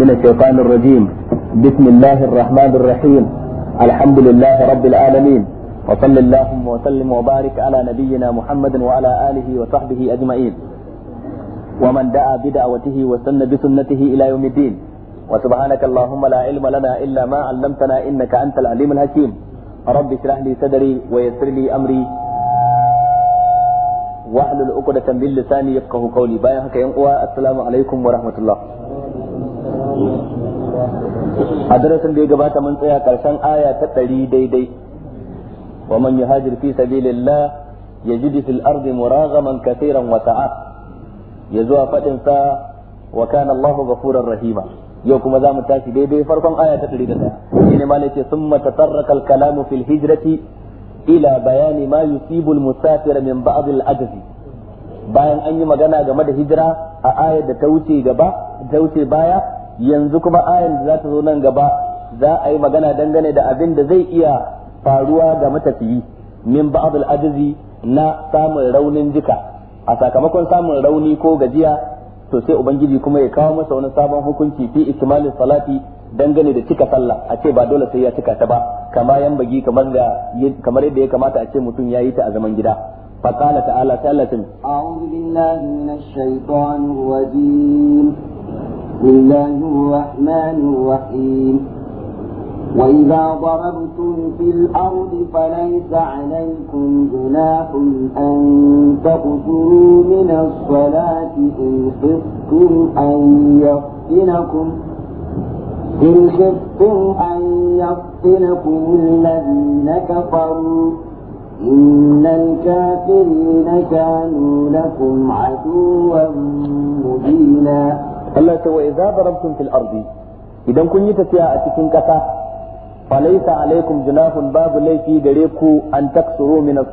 من الشيطان الرجيم بسم الله الرحمن الرحيم الحمد لله رب العالمين وصل اللهم وسلم وبارك على نبينا محمد وعلى آله وصحبه أجمعين ومن دعا بدعوته وسن بسنته إلى يوم الدين وسبحانك اللهم لا علم لنا إلا ما علمتنا إنك أنت العليم الحكيم رب اشرح لي صدري ويسر لي أمري واحلل عقدة من لساني يفقه قولي بايعك يا السلام عليكم ورحمة الله a darasin da ya gabata mun tsaya karshen aya ta ɗari daidai wa man yuhajir fi sabilillah yajidu fil ardi muragaman kaseeran wa sa'a ya zuwa fadin sa wa kana Allahu ghafurar rahima yau kuma za mu tashi daidai farkon aya ta 101 shine malai ce summa tatarraka al-kalamu fil hijrati ila bayani ma yusibu al-musafir min ba'd al bayan an yi magana game da hijira a ayar da ta wuce gaba ta wuce baya yanzu kuma ayan da za ta zo nan gaba za a yi magana dangane da abin da zai iya faruwa ga matafiyi min ba'd ajzi na samun raunin jika a sakamakon samun rauni ko gajiya to sai ubangiji kuma ya kawo masa wani sabon hukunci fi ikmalin salati dangane da cika sallah a ce ba dole sai ya cika ta ba kama yan bagi kamar da kamar yadda ya kamata a ce mutum yayi ta a zaman gida fa qala ta'ala sallatin a'udhu billahi minash shaitanir rajim بسم الله الرحمن الرحيم وإذا ضربتم في الأرض فليس عليكم جناح أن تقتلوا من الصلاة إن خفتم أن يفتنكم إن خفتم أن يفتنكم الذين كفروا إن الكافرين كانوا لكم عدوا Allah ta wa idza darabtum fil ardi idan kun yi tafiya a cikin ƙasa falaita alaikum junahun babu laifi gare ku an taksuru min as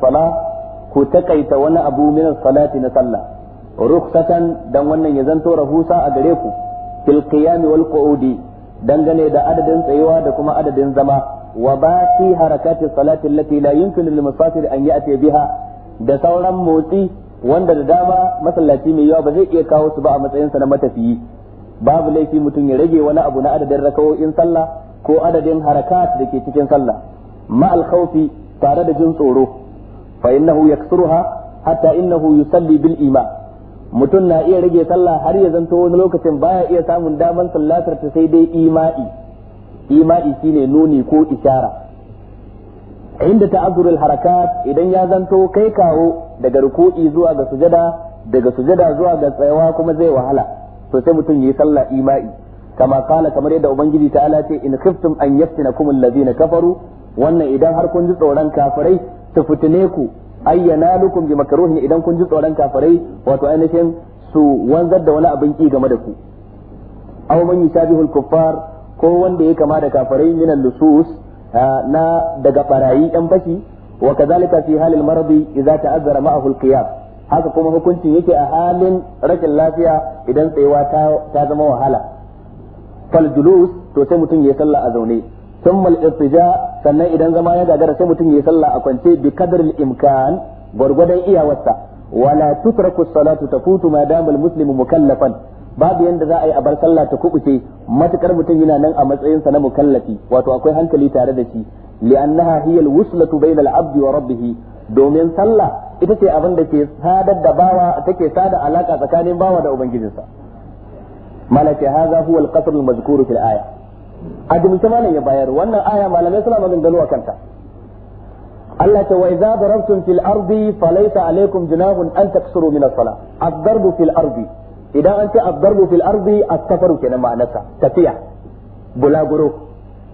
ku takaita wani abu min as-salati na sallah rukhsatan dan wannan ya zanto rahusa a gare ku fil qiyam wal qu'udi dangane da adadin tsayuwa da kuma adadin zama wa baqi harakati salati allati la yumkinu lil musafir an ya'ti biha da sauran motsi wanda da dama masallaci mai yawa ba zai iya kawo su ba a matsayinsa na matafiyi babu laifi mutum ya rage wani abu na adadin in sallah ko adadin harakat da ke cikin sallah ma alkhawfi tare da jin tsoro fa innahu yaksuruha hatta innahu yusalli bil ima mutum na iya rage sallah har ya zanto wani lokacin baya iya samun damar sallatar ta sai dai ima'i ima'i shine nuni ko isyara inda ta'azzurul harakat idan ya zanto kai kawo daga ruku'i zuwa ga sujada daga sujada zuwa ga tsayawa kuma zai wahala to sai mutum yayi sallah ima'i kama kala kamar yadda ubangiji ta'ala ce in khiftum an yaftinakum allazina kafaru wannan idan har kun ji tsoron kafirai su fitine ku ayyana lukum bi makruhin idan kun ji tsoron kafirai wato ainihin su wanzar da wani abin ki game da ku aw man yushabihu al-kuffar ko wanda ya kama da kafirai min lusus na daga barayi yan fashi wa kazalika fi halil maradi idza ta'azzara ma'ahu al qiyam haka kuma hukunci yake a halin rashin lafiya idan tsayuwa ta zama wahala fal julus to sai mutum ya sallah a zaune thumma al irtija sannan idan zama ya gagara sai mutum ya sallah a kwance bi kadril imkan gwargwadon iyawarsa wala tutraku salatu tafutu ma dama al muslimu mukallafan babu yanda za a yi a bar sallah ta kubuce matukar mutum yana nan a matsayinsa na mukallafi wato akwai hankali tare da shi li'annaha hiya al wuslatu bayna al abdi wa rabbih domin sallah ita ce abin da ke sadar da bawa take sada alaka tsakanin bawa da ubangijinsa malaka haza huwa al-qasr al-mazkur fil aya adimta malan ya bayar wannan aya malamai suna maganganu a kanta Allah ta wa idza darabtum fil ardi falaysa alaykum junahun an taksuru min as-salah ad-darbu fil ardi idan an ce ad-darbu fil ardi as-safaru kenan ma'anarsa tafiya bulaguro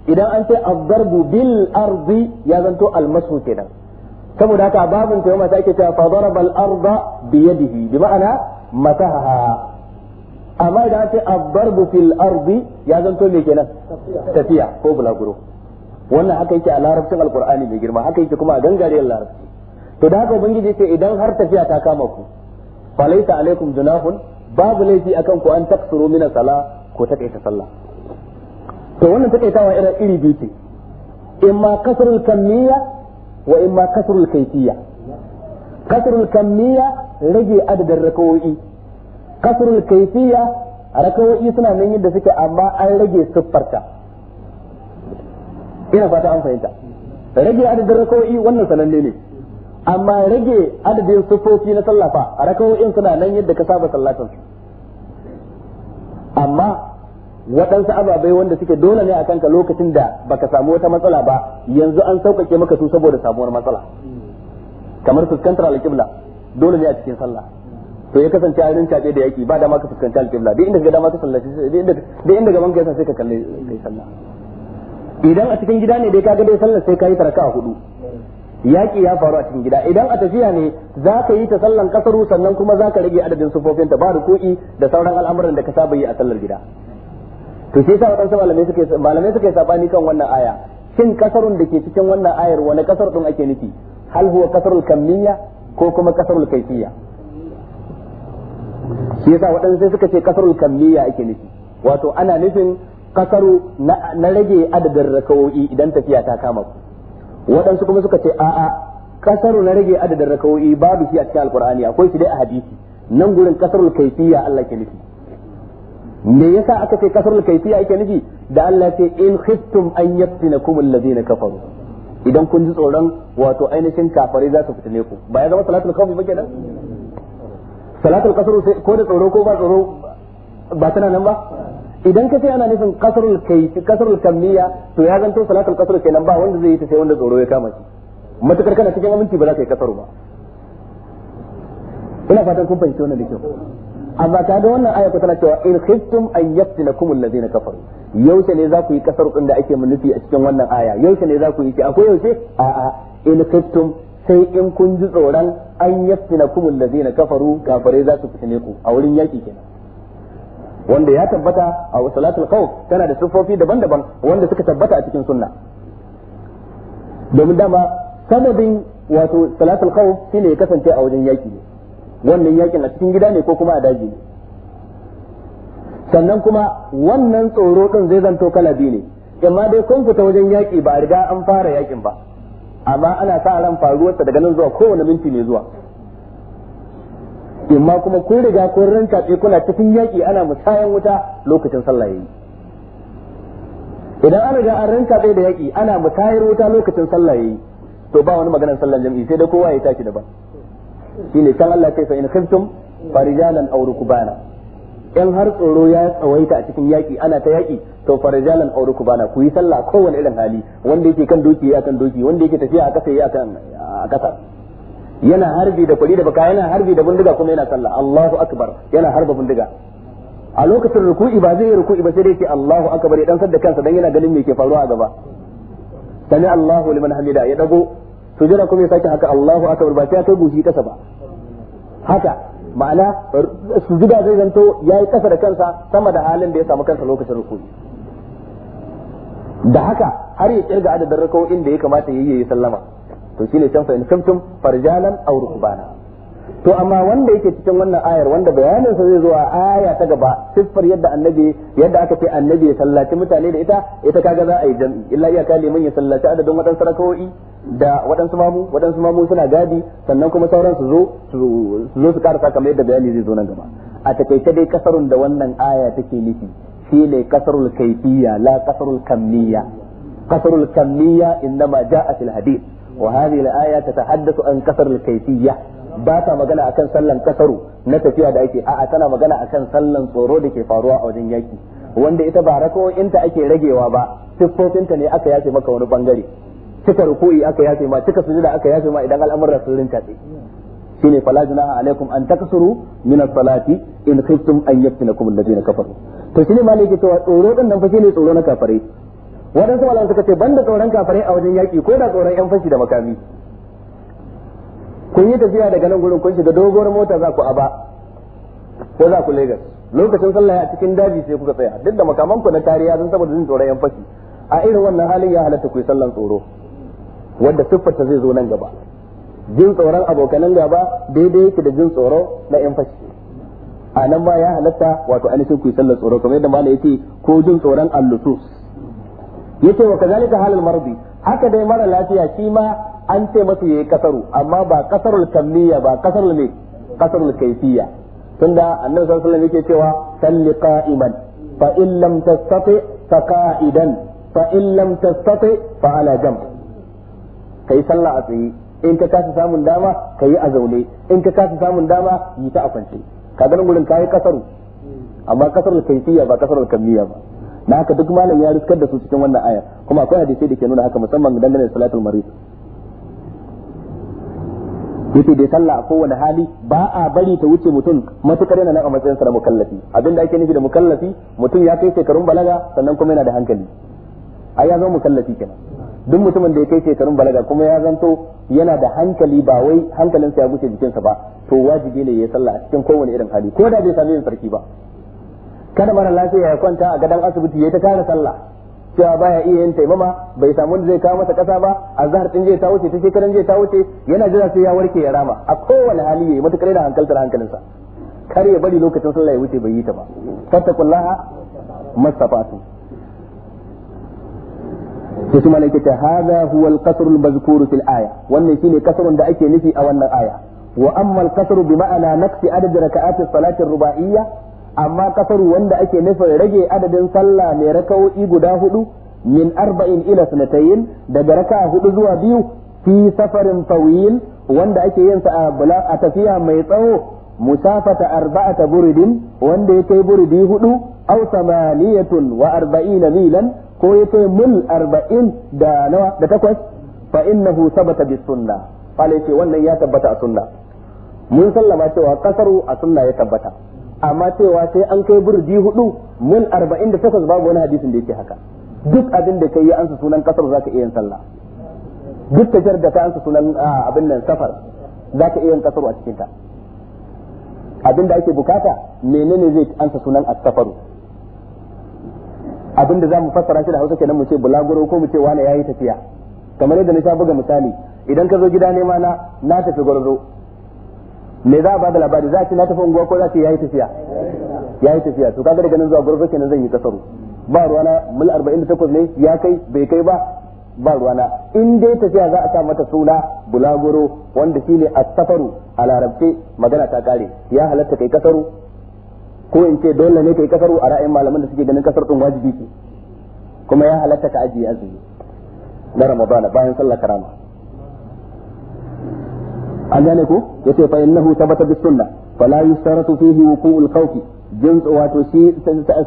idan an ce ad-darbu bil ardi ya zanto al-masu kenan saboda haka babin tayammuma sai ake cewa fa daraba al-arda bi bi ma'ana mataha amma idan ce ad-darbu fil ardi ya zanto me kenan tafiya ko bulaguro wannan haka yake a larabcin alqur'ani mai girma haka yake kuma a gangariyar larabci to da haka ubangiji ce idan har tafiya ta kama ku falaita alaikum junahun babu laifi akan ku an taksuru min sala ko takaita sallah to wannan takaitawa irin iri biyu ce imma kasrul kamiyya wa in ma kasrul kayfiyya kasrul kamiyya rage adadin rakawoyi kasrul kayfiyya rakawoyi suna nan yadda suke amma an rage siffarta ina fata an fahimta rage adadin rakawoyi wannan sananne ne amma rage adadin sufofi na sallafa a rakawoyin suna nan yadda ka saba sallatansu amma waɗansu ababai wanda suke dole ne a kanka lokacin da baka samu wata matsala ba yanzu an sauƙaƙe maka su saboda samuwar matsala kamar fuskantar alƙibla dole ne a cikin sallah to ya kasance a caɓe da yaki ba dama ka fuskanci alƙibla duk inda ka dama ka sallaci duk inda gaban ka yasa sai ka kalle kai sallah idan a cikin gida ne dai ka ga dai sallar sai ka yi tarka a hudu yaƙi ya faru a cikin gida idan a tafiya ne za ka yi ta sallan kasaru sannan kuma za ka rage adadin sufofinta ba da ruku'i da sauran al'amuran da ka saba yi a sallar gida to sai sa wadansu malamai suke malamai suke sabani kan wannan aya shin kasarun da ke cikin wannan ayar wani kasar din ake nufi hal huwa kasarul kamiyya ko kuma kasarul kaifiyya shi yasa wadansu sai suka ce kasarul kamiyya ake nufi wato ana nufin kasaru na rage adadin rakawoyi idan tafiya ta kama ku waɗansu kuma suka ce a'a kasaru na rage adadin rakawoyi babu shi a cikin alkur'ani akwai shi dai a hadisi nan gurin kasarul kaifiyya Allah ke nufi me yasa aka ce kasar kaifiya yake nufi da Allah ce in khiftum an yaftinakum alladhina kafaru idan kun ji tsoron wato ainihin kafare za su fitine ku ba ya zama salatul khawf ba kenan salatul kasar sai ko da tsoro ko ba tsoro ba tana nan ba idan ka ce ana nufin kasarul kaifi kasarul kamiyya to ya zanto salatul kasar kenan ba wanda zai yi ta sai wanda tsoro ya kama shi matukar kana cikin aminci ba za ka yi kasaru ba ina fatan kun fahimci wannan da kyau amma ta da wannan aya tana cewa in khiftum an yaftinakum na kafaru yaushe ne za ku yi kasar din da ake nufi a cikin wannan aya yaushe ne za ku yi ki akwai yaushe a a in khiftum sai in kun ji tsoron an yaftinakum na kafaru kafare za su fitine ku a wurin yaki kenan wanda ya tabbata a salatul khawf tana da sufofi daban-daban wanda suka tabbata a cikin sunna domin dama sababin wato salatul khawf shine ya kasance a wajen yaki ne wannan yakin a cikin gida ne ko kuma a daji ne sannan kuma wannan tsoro din zai zanto kala biyu ne amma dai kun fita wajen yaƙi ba a riga an fara yakin ba amma ana sa ran faruwarsa daga nan zuwa kowane minti ne zuwa amma kuma kun riga kun ranka ce kuna cikin yaƙi ana musayan wuta lokacin sallah yayi idan an riga an ranka da yaƙi ana musayar wuta lokacin sallah yayi to ba wani maganar sallar jam'i sai da kowa ya tashi daban shine kan Allah ya fa in khiftum farijalan aw rukbana in har tsoro ya tsawaita a cikin yaki ana ta yaki to farijalan aw rukbana ku yi sallah kowane irin hali wanda yake kan doki ya kan doki wanda yake tafiya a kasa ya kan a kasa yana harbi da kwari da baka yana harbi da bindiga kuma yana sallah Allahu akbar yana harba bindiga a lokacin ruku'i ba zai ruku'i ba sai dai ce Allahu akbar ya dan sadda kansa dan yana ganin me ke faruwa a gaba sami Allahu liman hamida ya dago sujada kuma ya sake haka Allahu akbar ba ta ya kai goshi kasa ba haka ma'ana sujuda zai zanto yayi kasa da kansa sama da halin da ya samu kansa lokacin rukuni da haka har ya kirga adadin rakawoyin da ya kamata yayi yi sallama to shine can fa in kuntum farjalan aw rukbana to amma wanda yake cikin wannan ayar wanda bayanin sa zai zo a aya ta gaba siffar yadda annabi yadda aka ce annabi ya sallaci mutane da ita ita kaga za a yi jam'i illa iyaka liman ya sallaci adadin waɗansu rakawo'i da waɗansu mamu waɗansu mamu suna gadi sannan kuma sauran su zo su zo su karasa kamar yadda bayani zai zo nan gaba a takaice dai kasarun da wannan aya take nufi ne kasarul kaifiyya la kasarul kamiyya kasarul kamiyya innama ja'a fil hadith wa hadhihi al-aya tatahaddathu an kasarul kaifiyya ba ta magana akan sallan kasaru na tafiya da ake a'a tana magana akan sallan tsoro da ke faruwa a wajen yaki wanda ita ba ta ake ragewa ba ta ne aka yafe maka wani bangare cika ruku'i aka yafe ma cika sujuda aka yafe ma idan al'amuran sun rinta shine fala junaha alaikum an takasuru min as-salati in khiftum an yaftinakum alladhina kafaru to shine malai yake cewa tsoro din nan fa shine tsoro na kafare wadansu malamai suka ce banda tsoron kafare a wajen yaki ko da tsoron yan fashi da makami kun yi tafiya daga nan gurin kun shiga dogon mota za ku aba ko za ku Lagos lokacin sallah a cikin daji sai kuka tsaya duk da makaman ku na kariya sun saboda jin tsoron yan fashi a irin wannan halin ya halatta ku yi sallan tsoro wanda siffarta zai zo nan gaba jin tsoron abokanan gaba daidai yake da jin tsoro na yan fashi a nan ba ya halatta wato ainihin ku yi sallar tsoro kamar yadda malai ce ko jin tsoron allusus yace wa kazalika halal marbi haka dai mara lafiya shi ma an ce masa yayi kasaru amma ba kasarul kamiyya ba kasarul ne kasarul kaifiyya tunda annabi sallallahu alaihi wasallam yake cewa salli qa'iman fa in lam tastati fa qa'idan fa in lam tastati fa ala jam kai sallah a tsaye in ka kasa samun dama kai a zaune in ka kasa samun dama yi ta a kwance ka ganin gurin kai kasaru amma kasarul kaifiyya ba kasarul kamiyya ba na haka duk malam ya riskar da su cikin wannan aya kuma akwai hadisi da ke nuna haka musamman dangane da salatul marid yace dai sallah a kowane hali ba a bari ta wuce mutum matukar yana nan a matsayin sa na mukallafi abinda ake nufi da mukallafi mutum ya kai shekarun balaga sannan kuma yana da hankali ai ya zama mukallafi kenan duk mutumin da ya kai shekarun balaga kuma ya zanto yana da hankali ba wai hankalinsa ya wuce jikinsa ba to wajibi ne ya sallah a cikin kowane irin hali ko da bai sami yin sarki ba kada mara lafiya ya kwanta a gadon asibiti ya ta kare sallah cewa baya iya yin taimama bai samu wanda zai kawo masa kasa ba azhar din zai ta wuce ta shekaran zai ta wuce yana jira sai ya warke ya rama a kowane hali yayi matukar da hankaltar hankalinsa kar ya bari lokacin sallah ya wuce bai yi ta ba fattakullaha mastafatu to shi malaka ta hada huwa al-qasr al-mazkur fil aya wannan shine kasarun da ake nufi a wannan aya wa amma al-qasr bi ma'ana naqsi adad raka'at as-salati ar-ruba'iyyah amma kasar wanda ake nufin rage adadin sallah mai raka'o'i guda hudu min arba'in ila sanatayin daga raka'a hudu zuwa biyu fi safarin tawil wanda ake yin sa a tafiya mai tsawo musafata arba'ata buridin wanda ya kai buridi hudu aw samaniyatun wa arba'ina milan ko ya kai mil arba'in da nawa da takwas fa innahu sabata bis sunna fa ce wannan ya tabbata a sunna mun sallama cewa kasaru a sunna ya tabbata amma cewa sai an kai burdi hudu da 48 babu wani hadisin da yake haka duk abin da kai ya ansa sunan kasar ka iya yin sallah duk tajar da ka ansa sunan ah, abin nan safar za ka iya yin kasar a cikin ta abin da ake bukata menene zai ansa sunan as-safaru abin da zamu fassara shi da Hausa kenan mu ce bulaguro ko mu ce wani yayi tafiya kamar yadda na sha buga misali idan ka zo gida ne ma na na tafi gwarzo me za a bada labari za a ce na tafi unguwa ko za a ce yayi tafiya yayi tafiya to kaga daga nan zuwa gurbin kenan zan yi kasaru ba ruwana mil 48 ne ya kai bai kai ba ba ruwana in dai tafiya za a sa mata suna bulaguro wanda shine as-safaru a larabce magana ta kare ya halatta kai kasaru ko in ce dole ne kai kasaru a ra'ayin malaman da suke ganin kasar din wajibi ce kuma ya halatta ka ajiye azumi na ramadana bayan sallar karama an gane ko yace fa innahu ta bis sunnah fala yustaratu fihi wuqu'ul khawfi jins wato shi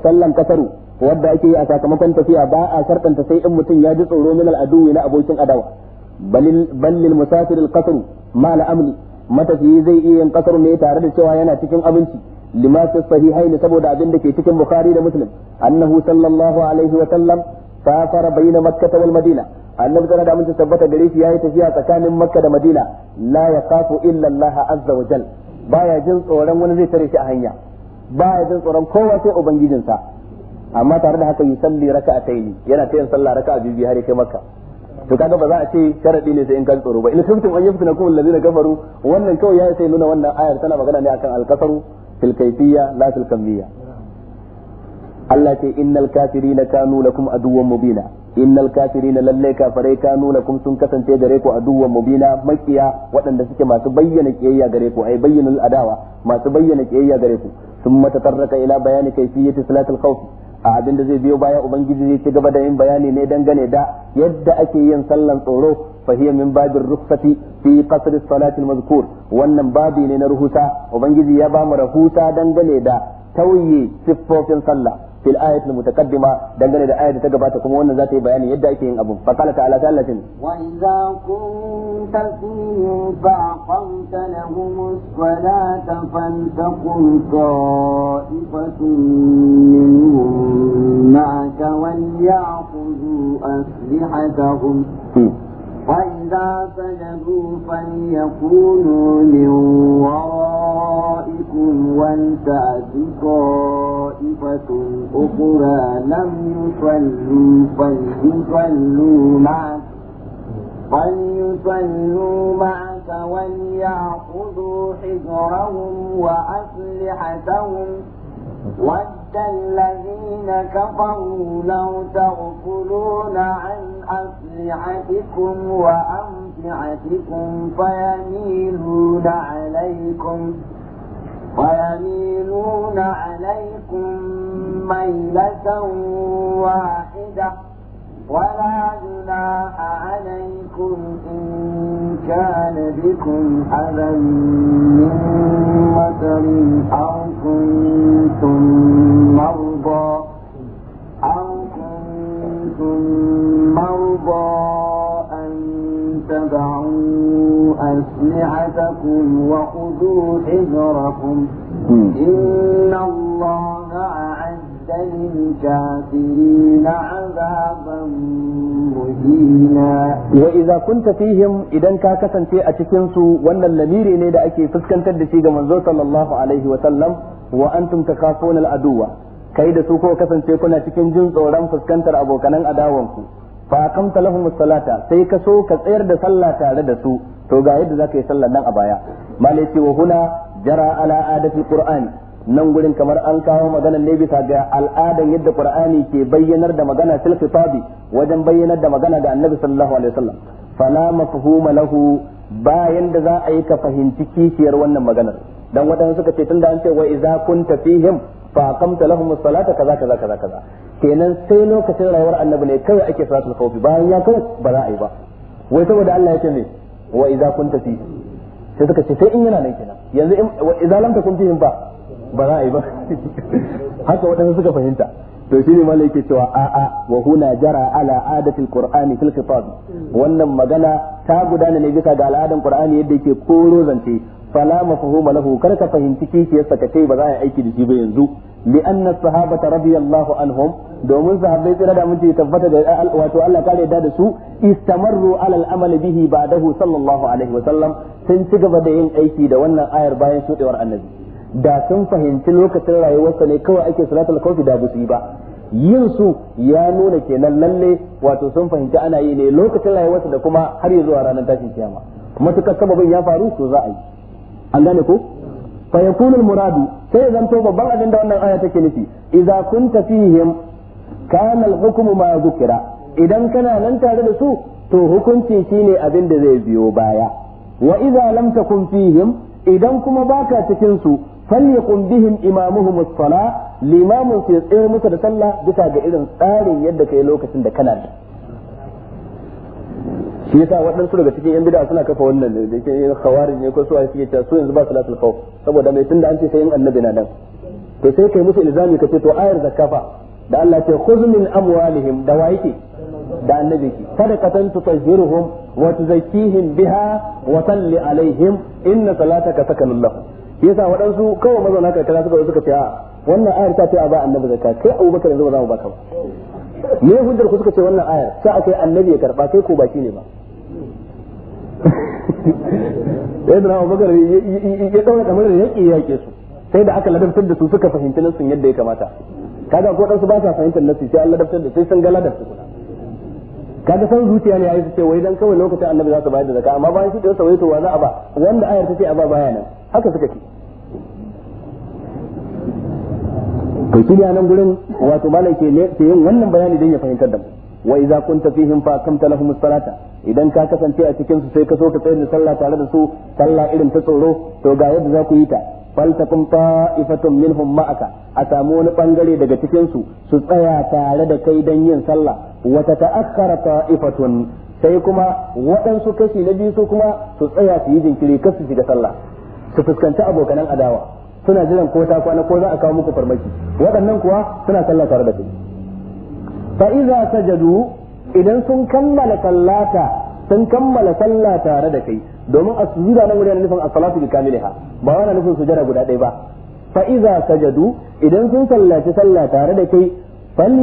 sallan kasaru wadda ake yi a sakamakon tafiya ba a sai in mutum ya ji tsoro min al'adu na abokin adawa bal lil musafir al ma al matafiyi zai iya yin kasaru ne tare da cewa yana cikin abinci lima fi sahihaini saboda abin da ke cikin bukhari da muslim annahu sallallahu alaihi wa sallam safara bayna makkah wal madina annabi sallallahu da wasallam tabbata gare shi yayi tafiya tsakanin makka da madina la yaqafu illa allah azza wa jal baya jin tsoron wani zai tare shi a hanya baya jin tsoron kowa sai ubangijinsa amma tare da haka yusalli raka'ataini yana tayin sallah raka'a biyu biyu har kai makka to kaga ba za a ce sharadi ne sai in kan tsoro ba in kuntum an yaftina kum allazina kafaru wannan kawai ya sai nuna wannan ayar tana magana ne akan alkasaru fil kayfiyya la fil kamiyya Allah ce innal kafirina kanu lakum aduwwan mubina innal kafirina lalle kafirai nuna lakum sun kasance gare ku aduwwan mubina makiya waɗanda suke masu bayyana kiyayya gare ku ai bayyinul adawa masu bayyana kiyayya gare ku sun matatarraka ila bayani kayfiyati salatul khawf a abin da zai biyo baya ubangiji zai ci gaba da yin bayani ne dangane da yadda ake yin sallan tsoro fahimmin babin باب الرخصة في قصر الصلاة المذكور wannan babi ne na ruhusa ubangiji ya bamu rahusa dangane da tauye siffofin sallah في الآية المتقدمة دلنا الآية تجب تقوم وأن ذاتي بيان يدعي فيه أبو فقال تعالى ثالثا وإذا كنت فيهم فأقمت لهم الصلاة فلتقم طائفة منهم معك وليأخذوا أسلحتهم وإذا سجدوا فليكونوا من ورائكم ولتأت طائفة أخرى لم يصلوا فليصلوا معك فليصلوا معك وليأخذوا حذرهم وأسلحتهم ود الذين كفروا لو تغفلون عن أسلحتكم وأمتعتكم فيميلون عليكم ويميلون عليكم ميلة واحدة ولا جناح عليكم إن كان بكم أذى من مطر أو كنتم مرضى أو كنتم مرضى أن تدعوا أسلحتكم وخذوا حذركم إن الله أعد للكافرين عذابا مهينا وإذا كنت فيهم إذا كاكسا في أتكنس وأن اللمير إني أكي فسكن تدشي منزو صلى الله عليه وسلم وأنتم تخافون الأدوة kai da su ko kasance kuna cikin jin tsoron fuskantar abokanan adawanku fa kamta lahum salata sai ka so ka tsayar da sallah tare da su to ga yadda zaka yi sallar nan a baya malai ce wa huna jara ala adati qur'ani nan gurin kamar an kawo magana ne bisa ga al'adan yadda qur'ani ke bayyanar da magana fil khitabi wajen bayyanar da magana ga annabi sallallahu alaihi wasallam fala mafhuma lahu bayan da za a yi ka fahimci kishiyar wannan maganar dan wadansu suka ce tunda an ce wa idza kunta fihim fa aqamta lahum as-salata kaza kaza kaza kaza kenan sai lokacin rayuwar annabi ne kai ake salatul khawfi bayan ya kai ba za a yi ba wai saboda Allah ya ce me wa idza kunta fihim sai suka ce sai in yana nan kenan yanzu in idza lam takun fihim ba ba za a yi ba haka waɗansu suka fahimta to shi ne malai yake cewa a'a wa huna jara ala adatil qur'ani fil khitab wannan magana ta gudana ne bisa ga al'adan qur'ani yadda yake koro zance fala mafhuma lahu kar ka fahimci kishiyarsa ka ce ba za a yi aiki da shi ba yanzu لأن الصحابة رضي الله عنهم domin sahabbai tsira da mutum tabbata da wato Allah ka yarda da su istamarru ala al bihi ba'dahu sallallahu alaihi wa sallam sun ci gaba da yin aiki da wannan ayar bayan shudewar annabi da sun fahimci lokacin rayuwarsa ne kawai ake salatul kawfi da busi ba yin su ya nuna kenan lalle wato sun fahimci ana yi ne lokacin rayuwarsa da kuma har ya zuwa ranar tashin kiyama matukar sababin ya faru to za a yi an gane ko fa yakunu muradu sai to babban abin da wannan aya take nufi idza kunta fihim kana al-hukmu ma dhukira idan kana nan tare da su to hukunci shine abin da zai biyo baya wa idza lam takun fihim idan kuma baka cikin su falyakun bihim imamuhum as-sala limamin ke tsaye musu da sallah bisa ga irin tsarin yadda kai lokacin da kana da shi yasa waɗansu daga cikin yan bid'a suna kafa wannan ne da yake khawarij ne ko su ai suke cewa su yanzu ba salatul khawf saboda mai tunda an ce sai in annabi na dan. to sai kai musu ilzami kace to ayar zakafa da Allah ce khudh min amwalihim da waike da annabi ki sadaqatan tutahhiruhum wa tuzakkihim biha wa salli alaihim inna salataka sakanun lahum yasa waɗansu kawai mazauna karkara suka zo suka ce a wannan ayar ta ce a ba annabi zakka kai bakar yanzu ba za mu baka ba me hujjar ku suka ce wannan ayar sa aka yi annabi ya karba kai ko baki ne ba sai da bakar ya daura kamar da yake yake su sai da aka ladabtar da su suka fahimci nasin yadda ya kamata kaga ko ɗansu ba sa fahimtar nasin sai an ladabtar da sai sun ga da su kaga san zuciya ne yi su ce wai dan kawai lokacin annabi za su bayar da zakka amma bayan shi da wai to wa za a ba wanda ayar ta ce a ba baya nan haka suka ce to nan gurin wato malai ke yin wannan bayani don ya fahimtar da mu wa idza kunta fihim fa kamta lahum salata idan ka kasance a cikin su sai ka so ka tsaya da sallah tare da su sallah irin ta tsoro to ga yadda za ku yi ta fal takum ta'ifatum minhum ma'aka a samu wani bangare daga cikin su su tsaya tare da kai don yin sallah wa tata'akhkhara ta'ifatun sai kuma waɗansu kashi na biyu su kuma su tsaya su yi jinkiri kar su shiga sallah su fuskanci abokanan adawa suna jiran ko ta kwana ko za a kawo muku farmaki waɗannan kuwa suna sallah tare da kai fa iza sajadu idan sun kammala sallata sun kammala sallah tare da kai domin a sujuda nan wurin nufin as-salatu bi ba wani nufin sujada guda ɗaya ba fa iza sajadu idan sun sallaci sallah tare da kai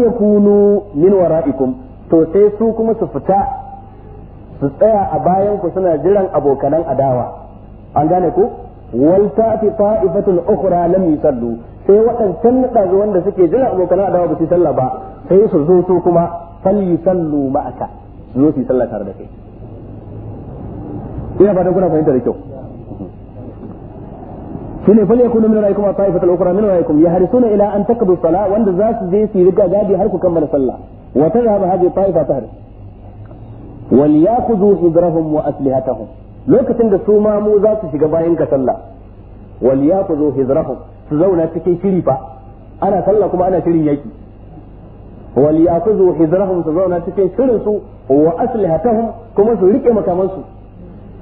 yakunu min wara'ikum to sai su kuma su fita su tsaya a bayan ku suna jiran abokanan adawa an gane ku wal ta'ti ta'ifatun ukhra lam yusallu sai waɗancan nadazu wanda suke jira abokan adawa ba su sallah ba sai su zo su kuma fal sallu ma'aka su zo su sallah tare da kai ina fatan kuna fahimta da kyau shine fal yakunu min ra'aykum ukura ta'ifatul ukhra ya ra'aykum yahrisuna ila an taqdu salah wanda za su je su riga gadi har ku kammala sallah wa tadhhabu hadhihi ta'ifa tahris wal ya'khudhu hidrahum wa aslihatahum lokacin da su ma mu za su shiga bayan ka sallah wal yaquzu hizrahum su zauna cikin shiri fa ana sallah kuma ana shirin yaki wal yaquzu hizrahum su zauna cikin shirin su wa aslihatahum kuma su rike makaman su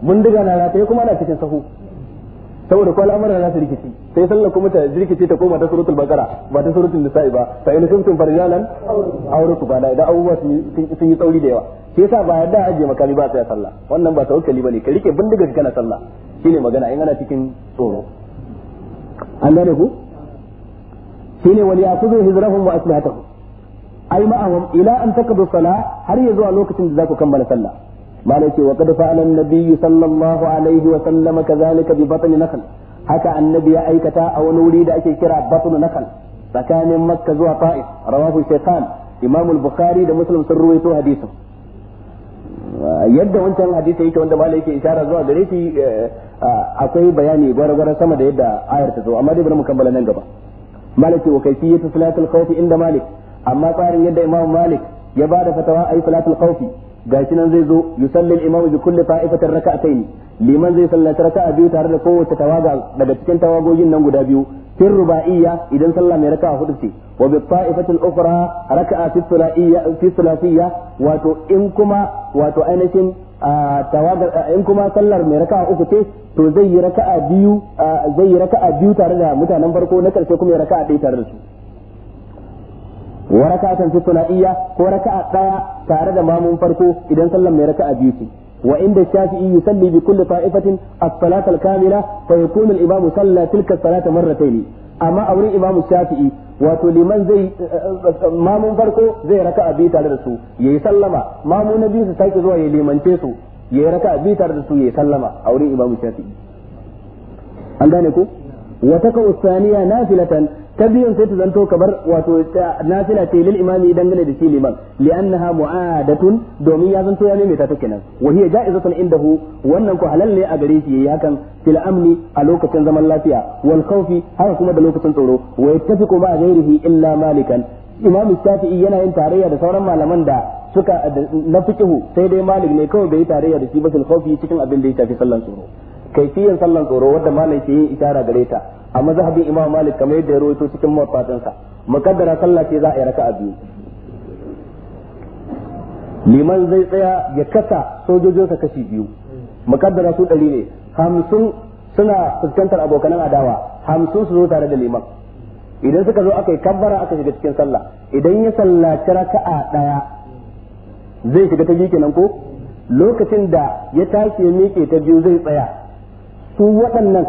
bindiga na rataye kuma ana cikin sahu saboda ko al'amuran za su rikici sai sallah kuma ta rikici ta koma ta suratul baqara ba ta suratul nisa'i ba fa in kuntum farjalan aw rukbana idan abubuwa sun yi tsauri da yawa shi yasa ba yadda aje makami ba sai sallah wannan ba tawakkali bane ka rike bindiga ka kana sallah shine magana in ana cikin tsoro an gane ku shine wal yaqudu hijrahum wa aslihatahum ai ma'ahum ila an taqdu salah har ya zuwa lokacin da za ku kammala sallah malai ce wa qad fa'ala an-nabiy sallallahu alaihi wa sallama kadhalika bi batni nakhl haka annabi ya aikata a wani wuri da ake kira batnu nakhl tsakanin makka zuwa ta'if rawahu shaykhan imam al-bukhari da muslim sun ruwaito hadisin yadda wancan hadisi yake wanda malai yake isharar zuwa gare shi eh, akwai bayani gwara-gwara sama da yadda ayar ta zo amma dai bari mu kammala nan gaba malik wa kayfiyatu salatul khawfi inda malik amma tsarin yadda imam malik ya bada fatawa ayi salatul khawfi gashi nan zai zo yusalli al-imam bi kulli ta'ifatin raka'atayn liman zai sallata raka'a biyu tare da kowace tawaga daga cikin tawagogin nan guda biyu fil ruba'iyya idan sallah mai raka'a hudu ce wa bi ta'ifatin ukhra raka'a fi thulathiyya fi thulathiyya wato in kuma wato ainihin tawagar in kuma sallar mai raka'a uku ce to zai yi raka'a biyu zai yi raka'a biyu tare da mutanen farko na karshe kuma ya raka'a ɗaya tare da su wa raka'atan fi kunaiya ko raka'a daya tare da mamun farko idan sallan mai raka'a biyu ce wa inda shafi'i yusalli bi kulli ta'ifatin as-salata al-kamila fa yakunu al-imam salla tilka as-salata marratayn amma a wurin imam shafi'i wato liman zai mamun farko zai raka'a biyu tare da su yayi sallama mamun na biyu su sake zuwa ya limance su yayi raka'a biyu tare da su yayi sallama a wurin imam shafi'i an gane ku wa taqa'u thaniya nafilatan ta biyun sai ta zanto kamar wato nafila ta lil imami dangane da shi liman li'annaha mu'adatun domin ya zanto ya ne ta kenan wa hiya ja'izatun indahu wannan ko halal ne a gare shi yayi hakan fil amni a lokacin zaman lafiya wal khawfi haka kuma da lokacin tsoro wa yattafiqu ma ghairihi illa malikan imam shafi'i yana yin tarayya da sauran malaman da suka na fiqhu sai dai malik ne kawai bai tarayya da shi ba fil khawfi cikin abin da ya tafi sallan tsoro kaifiyan sallan tsoro wadda Malik ke yin gare ta a mazhabin imam malik kamar yadda ya rawaito cikin mafatin sa mukaddara sallah ce za a yi raka'a biyu liman zai tsaya ya kasa sojojinsa kashi biyu muqaddara su ɗari ne hamsin suna fuskantar abokanan adawa hamsin su zo tare da liman idan suka zo aka yi kabbara aka shiga cikin sallah idan ya sallaci raka'a daya zai shiga ta biyu kenan ko lokacin da ya tashi ya miƙe ta biyu zai tsaya su waɗannan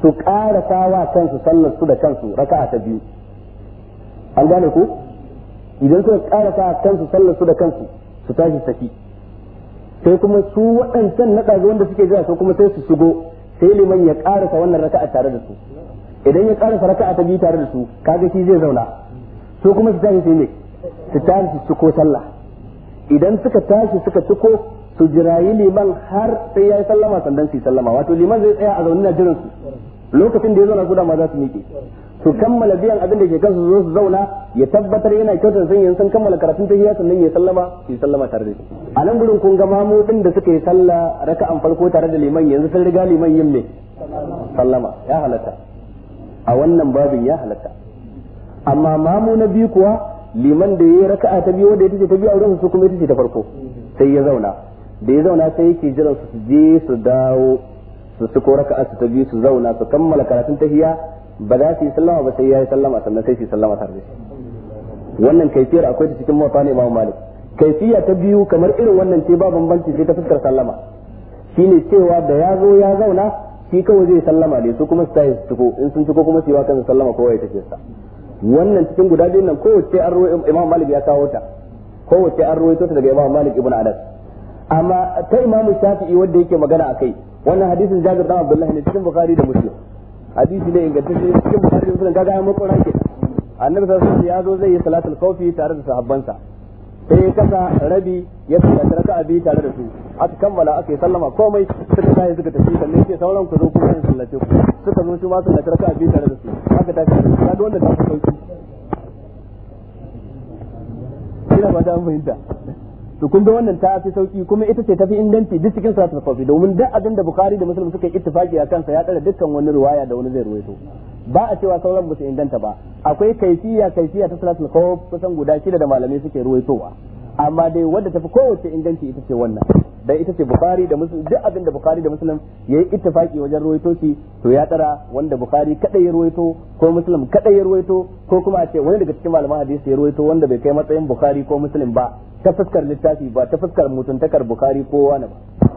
su ƙara sawa kansu sallar su da kansu raka ta biyu an gane ku idan suka ƙara sawa kansu sallar su da kansu su tashi tafi sai kuma su waɗancan na ɗazu wanda suke jira su kuma sai su shigo sai liman ya ƙarasa wannan a tare da su idan ya ƙarasa raka ta biyu tare da su kaga shi zai zauna su kuma su tashi sai ne su tashi su ciko sallah idan suka tashi suka ciko su jirayi liman har sai ya yi sallama sannan su yi sallama wato liman zai tsaya a zaune na jiran su lokacin da ya zauna su ma za su miƙe su kammala biyan abin da ke kansu zo su zauna ya tabbatar yana kyautar sun yin sun kammala karatun tahiyya sannan ya sallama su yi sallama tare da shi a nan gudun kun ga mamutun da suka yi sallah an farko tare da liman yanzu sun riga liman yin me sallama ya halatta a wannan babin ya halatta amma mamu na biyu kuwa liman da ya yi raka'a ta biyu wanda ita ce ta biyu a wurin su kuma ita ce ta farko sai ya zauna da ya zauna sai yake jiran su je su dawo su su kora ka ta biyu su zauna su kammala karatun tahiya ba za su yi sallama ba sai ya yi sallama sannan sai su yi sallama tare wannan kaifiyar akwai ta cikin mawafani imam malik kaifiya ta biyu kamar irin wannan ce ba bambanci sai ta fuskar sallama shine cewa da ya zo ya zauna shi kawai zai sallama ne su kuma su tashi su tuko in sun tuko kuma su yi wa kansu sallama kowa ya tafi sa wannan cikin guda biyun nan kowace an ruwa imam malik ya kawo ta kowace an ruwaito ta daga imamu malik ibn anas amma ta imamu shafi'i wanda yake magana akai wannan hadisin jabir dan abdullahi ne cikin bukhari da muslim hadisi ne ingantacce cikin bukhari da muslim kaga ya mako rake annabi sallallahu alaihi wasallam ya zo zai yi salatul khawfi tare da sahabbansa sai ya kasa rabi ya tsaya a bi tare da su aka kammala aka yi sallama komai suka tashi suka tafi sannan sai sauran ku zo ku yin sallace ku suka zo su ma su a bi tare da su aka tashi kaga wanda ta sauki ina ba ta fahimta to kun ga wannan ta fi sauki kuma ita ce tafi inganci duk cikin salatul kafafi domin duk abin da bukhari da muslim suka ittifaki a kansa ya tsara dukkan wani riwaya da wani zai ruwaito ba a cewa sauran ba su inganta ba akwai kaifiya kaifiya ta salatul khawf kusan guda shida da malamai suke ruwaitowa amma dai wadda tafi kowace inganci ita ce wannan dan ita ce bukhari da muslim duk abin da bukhari da muslim yayi ittifaki wajen ruwaito shi to ya tsara wanda bukhari kada ya ruwaito ko muslim kada ya ruwaito ko kuma a ce wani daga cikin malaman hadisi ya ruwaito wanda bai kai matsayin bukhari ko muslim ba ta fuskar littafi ba ta fuskar mutuntakar bukhari ko wani ba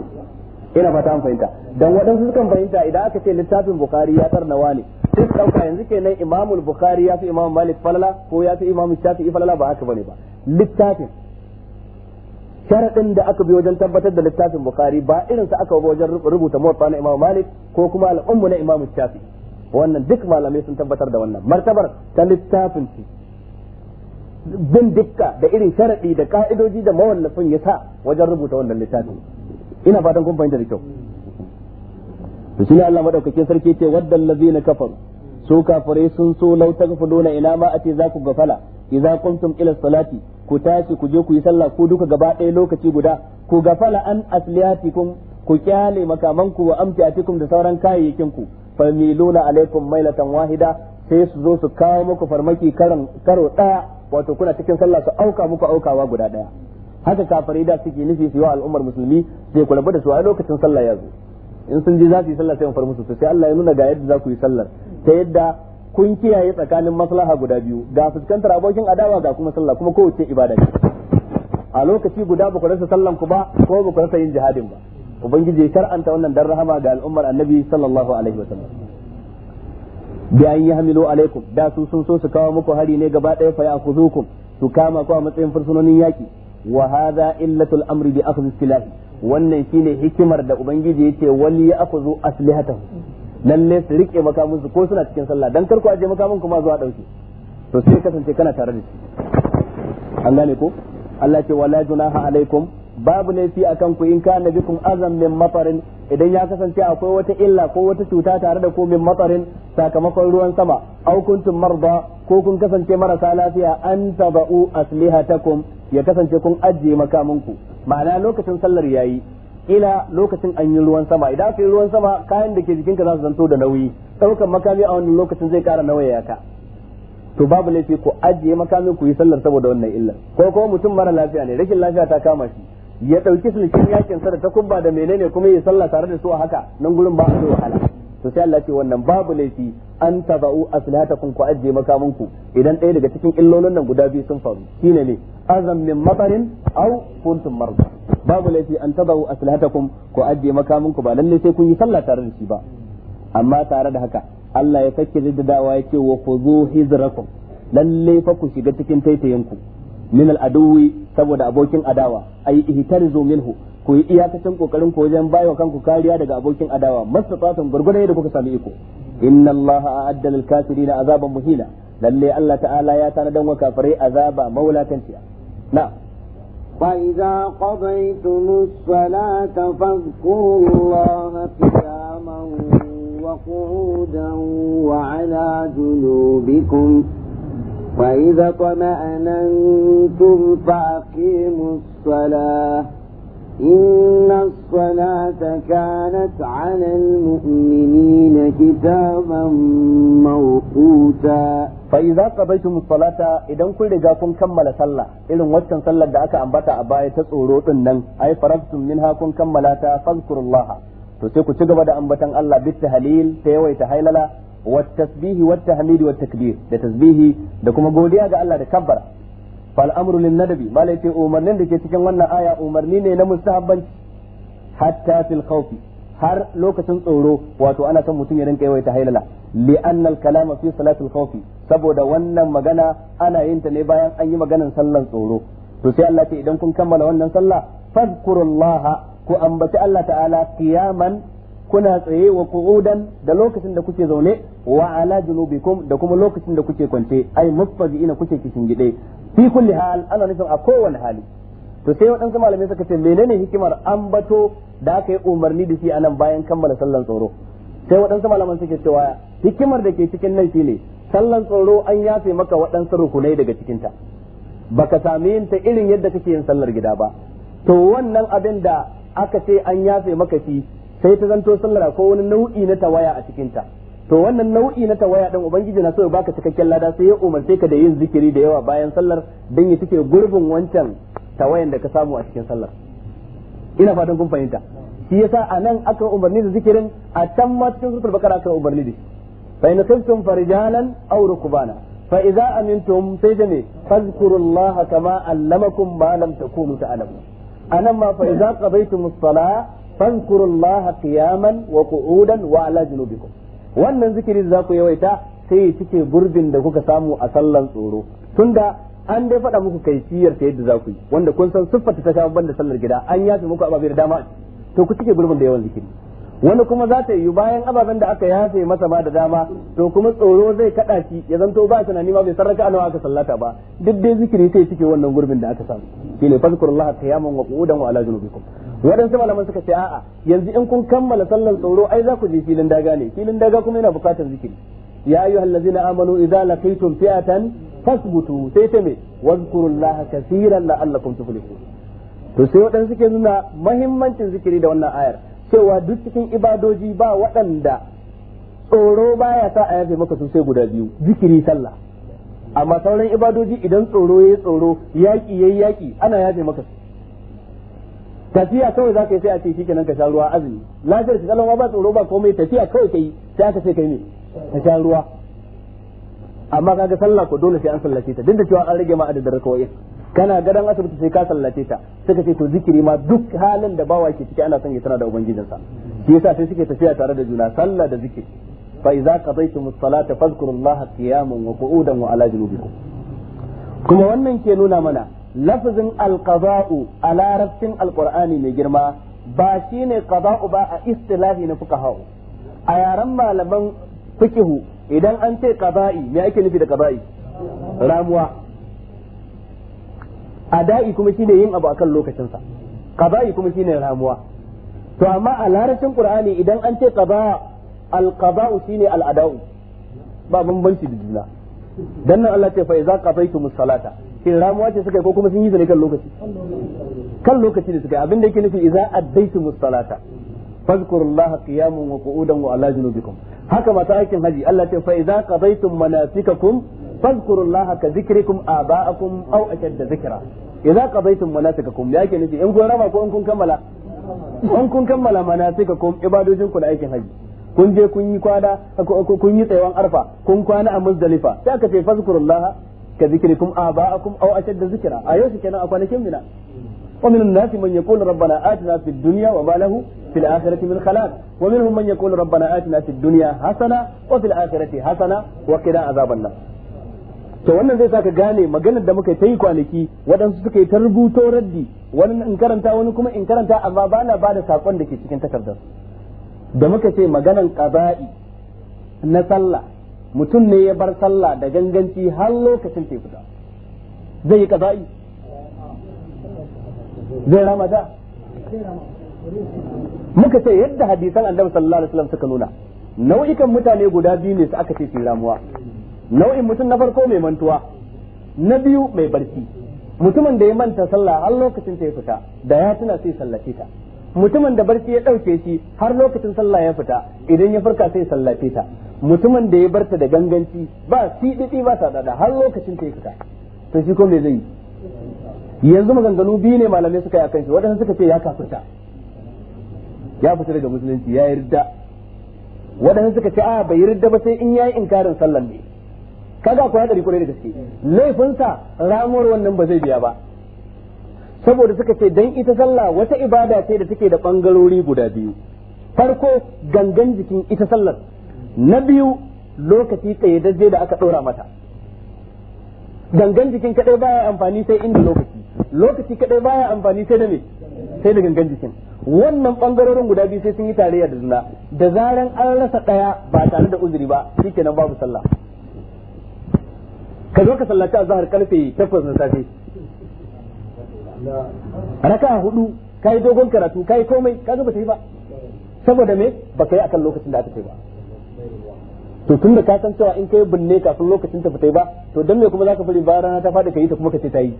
ina fata an fahimta dan waɗansu sukan fahimta idan aka ce littafin bukhari ya tsarna wani duk dauka yanzu kenan imamul bukhari ya fi imam malik falala ko ya fi imam shafi'i falala ba haka bane ba littafin sharaɗin da aka bi wajen tabbatar da littafin bukhari ba irinsa aka bi wajen rubuta muwatta na imam malik ko kuma al'ummu na imam shafi wannan duk malamai sun tabbatar da wannan martabar ta littafin ce bin dukka da irin sharaɗi da ka'idoji da mawallafin ya sa wajen rubuta wannan littafin ina fatan kun fahimta da kyau to ne Allah madaukakin sarki ce waddal ladina kafaru su kafirai sun so law tagfuduna ina ma ati za ku gafala idza qumtum ila salati ku tashi ku je ku yi sallah ku duka gaba ɗaya lokaci guda ku gafala an asliyatikum ku kyale makamanku wa amtiatikum da sauran kayayyakin ku familuna alaikum mailatan wahida sai su zo su kawo muku farmaki karan karo ɗaya wato kuna cikin sallah su auka muku aukawa guda ɗaya. haka kafirai da suke nufi su yi al'ummar musulmi sai ku rabu da su a lokacin sallah ya zo in sun ji za su yi sallah sai mu far musu sai Allah ya nuna ga yadda za ku yi sallar ta yadda kun kiyaye tsakanin maslaha guda biyu ga fuskantar abokin adawa ga kuma sallah kuma kowace ibada ce a lokaci guda ba ku rasa sallan ku ba ko ba ku rasa yin jihadin ba ubangiji ya shar'anta wannan dan rahama ga al'ummar annabi sallallahu alaihi wasallam bi an yahmilu alaikum da su sun so su kawo muku hari ne gaba daya fa ya'khuzukum su kama ku a matsayin fursunonin yaki wa hadha illatul amri bi akhdhi silahi wannan shine hikimar da ubangiji yace wali ya'khudhu aslihatahu lalle su rike makamin su ko suna cikin sallah dan karku ku aje makamin kuma zuwa dauke to sai kasance kana tare da shi an gane ko Allah ce wala junaha alaikum babu laifi akan ku in kana bikum azam min mafarin idan ya kasance akwai wata illa ko wata cuta tare da ku min mafarin sakamakon ruwan sama au kuntum marda ko kun kasance marasa lafiya an taba'u aslihatakum ya kasance kun ajiye ku ma'ana lokacin sallar yayi ila lokacin an yi ruwan sama idan aka yi ruwan sama kayan da ke jikinka za su zanto da nauyi daukan makami a wannan lokacin zai kara nawaya ka to babu laifi ku ajiye makami ku yi sallar saboda wannan illa ko kuma mutum mara lafiya ne rashin lafiya ta kama shi ya dauki sulkin yakin sa da takubba da menene kuma yi sallah tare da su a haka nan gurin ba su wahala to sai Allah ce wannan babu laifi an taba'u aslihatakum ku ajje makamanku idan ɗaya daga cikin illolin nan guda biyu sun faru shine ne azam min matarin aw kuntum marda babu laifi an taba'u aslihatakum ku ajje makamanku ba lalle sai kun yi sallah tare da shi ba amma tare da haka Allah ya sake jaddadawa ya ce wa khudhu hizrakum lalle fa ku shiga cikin taitayenku ku min al'aduwi saboda abokin adawa ai ihtarizu minhu ku yi iyakacin kokarin ku wajen bayo kanku kariya daga abokin adawa mastatatan gurgurai da kuka sami iko inna allaha a'adda lil kafirin azaban muhila lalle allah ta'ala ya tanadan wa kafirai azaba maulatantiya na'am فإذا قضيتم الصلاة فاذكروا الله قياما وقعودا وعلى جنوبكم وإذا طمأننتم فأقيموا الصلاة إن الصلاة كانت على المؤمنين كتابا موقوتا فإذا قضيتم الصلاة إذا كل جاكم كمل صلى إذا وجهن صلى دعك أنبتا أباية تسعروت النم أي فرغتم منها كن كملاتا فاذكروا الله to تقبض أن ci الله بالتهليل تيوي Allah wa tasbihi wa tahmidi wa takbir da tasbihi da kuma godiya ga Allah da kabbara fal amru lin ce umarnin da ke cikin wannan aya umarni ne na mustahabbanci hatta fil har lokacin tsoro wato ana son mutum ya rinka yawaita hailala li'anna al-kalama fi salatil khawfi saboda wannan magana ana yinta ne bayan an yi maganan sallar tsoro to sai Allah ce idan kun kammala wannan sallah fadhkurullaha ku ambaci Allah ta'ala kiyaman. kuna tsaye wa ku'udan da lokacin da kuke zaune wa ala junubikum da kuma lokacin da kuke kwance ai ina kuke kishin gide fi kulli hal ana nufin a kowane hali to sai waɗansu malamai suka ce menene hikimar ambato da aka yi umarni da shi anan bayan kammala sallan tsoro sai waɗansu malaman suke cewa hikimar da ke cikin nan shine sallan tsoro an yafe maka waɗansu rukunai daga cikin ta baka sami yin ta irin yadda kake yin sallar gida ba to wannan abin da aka ce an yafe maka shi sai ta zanto sallar ko wani nau'i na tawaya a cikin ta to wannan nau'i na tawaya din ubangiji na so ya baka cikakken lada sai ya umarce ka da yin zikiri da yawa bayan sallar dan ya take gurbin wancan tawayan da ka samu a cikin sallar ina fatan kun fahimta shi yasa anan aka umarni da zikirin a can ma cikin suratul bakara aka umarni da fa in kuntum farijalan aw rukbana fa idza amintum sai da ne fazkurullaha kama allamakum ma lam takunu ta'lamun anan ma fa idza qabaitum as fankurullaha qiyaman wa qu'udan wa ala wannan zikiri da za yawaita sai ya cike gurbin da kuka samu a sallan tsoro tunda an dai faɗa muku kai ta yadda za ku yi wanda kun san siffar ta ta banda sallar gida an yafe muku ababe da dama to ku cike gurbin da yawan zikiri wani kuma za ta yi bayan ababen da aka yafe masa ba da dama to kuma tsoro zai kada shi ya zanto ba tunani ma bai sarraka anawa aka sallata ba duk dai zikiri sai cike wannan gurbin da aka samu shine fazkurullaha qiyaman wa qu'udan wa ala junubikum waɗansu malaman suka ce a'a yanzu in kun kammala sallan tsoro ai za ku je filin daga ne filin daga kuma yana bukatar zikiri ya ayyuhal amanu idza laqaytum fi'atan fasbutu sai ta me wazkurullaha kaseeran la'allakum tuflihun to sai waɗansu suke nuna muhimmancin zikiri da wannan ayar cewa duk cikin ibadoji ba waɗanda tsoro baya sa a yafe maka sosai guda biyu zikiri sallah amma sauran ibadoji idan tsoro ya tsoro yaƙi ya yaƙi ana yafe maka su tafiya kawai za ka yi sai a ce kenan ka sha ruwa azumi lafiyar shi ba tsoro ba komai tafiya kawai kai sai aka sai kai ne ka sha ruwa amma kaga sallah ko dole sai an sallace ta duk da cewa an rage ma adadin rakawai kana gadan asibiti sai ka sallace ta suka ce to zikiri ma duk halin da bawa ke ciki ana son ya tana da ubangijinsa shi yasa sai suke tafiya tare da juna sallah da zikiri fa idza qadaytum as-salata fadhkurullaha qiyaman wa qu'udan wa ala junubikum kuma wannan ke nuna mana lafazin alqada'u a larabcin alqur'ani mai girma ba shine qada'u ba a istilahi na fuqaha a yaran malaman fikihu idan an ce qaba'i me ake nufi da qaba'i ramuwa ada'i kuma shine yin abu akan lokacin sa qaba'i kuma shine ramuwa to amma a larabcin qur'ani idan an ce qaba al-qaba'u shine al-ada'u ba bambanci da juna dan nan Allah ce fa idza qadaytumus salata shin ramuwa ce suka yi ko kuma sun yi zane kan lokaci kan lokaci da suka yi abin da yake nufi idza addaytumus salata fadhkurullaha qiyaman wa qu'udan wa ala junubikum haka mata aikin haji Allah ce fa idza qadaytum manasikakum fadhkurullaha ka dhikrikum aba'akum aw ashadda dhikra idza qadaytum manasikakum ya ke nufi in kun raba ko in kun kammala in kun kammala manasikakum ibadojin ku na aikin haji kun je kun yi kwada kun yi tsayawan arfa kun kwana a muzdalifa sai aka ce fadhkurullaha ka dhikrikum aba'akum aw ashadda dhikra a yau kenan a kwanakin mina ومن الناس من يقول ربنا آتنا في الدنيا وما له في الآخرة من خلاق ومنهم من يقول ربنا آتنا في الدنيا حسنة وفي الآخرة حسنة وقنا عذاب النار to wannan zai saka gane maganar da muka yi kwanaki waɗansu suka yi ta rubuto raddi wani in karanta wani kuma in karanta amma ba na ba da sakon da ke cikin takardar da muka ce maganan ƙaba'i na sallah mutum ne ya bar sallah da ganganci har lokacin ta fita zai yi ƙaba'i zai rama muka ce yadda hadisan annabi sallallahu alaihi wasallam suka nuna nau'ikan mutane guda biyu ne su aka ce su ramuwa nau'in mutum na farko mai mantuwa na biyu mai barci mutumin da ya manta sallah har lokacin ta ya fita da ya tuna sai sallace ta mutumin da barci ya ɗauke shi har lokacin sallah ya fita idan ya farka sai sallace ta mutumin da ya barta da ganganci ba siɗiɗi ba sa dada har lokacin ta ya fita to shi ko me zai yanzu maganganu biyu ne malamai suka yi akan shi waɗansu suka ce ya kafirta ya fita daga musulunci ya yarda waɗannan suka ce a bai yarda ba sai in yayi inkarin sallan ne kaga akwai hadari kwarai da gaske laifinsa ramuwar wannan ba zai biya ba saboda suka ce dan ita sallah wata ibada ce da take da bangarori guda biyu farko gangan jikin ita sallar na biyu lokaci kayyadajje da aka ɗora mata gangan jikin kadai baya amfani sai inda lokaci lokaci kadai baya amfani sai da me sai da gangan jikin wannan bangarorin guda biyu sai sun yi tarayya da zina da zaran an rasa daya ba tare da uzuri ba shikenan babu sallah ka zo ka sallaci azhar karfe 8 na safe raka hudu kai dogon karatu kai komai zo ba ta yi ba saboda me baka yi akan lokacin da aka ce ba to tun da ka san cewa in kai binne kafin lokacin ta fita ba to dan me kuma zaka bari bayan rana ta fada kai ta kuma ka ce ta yi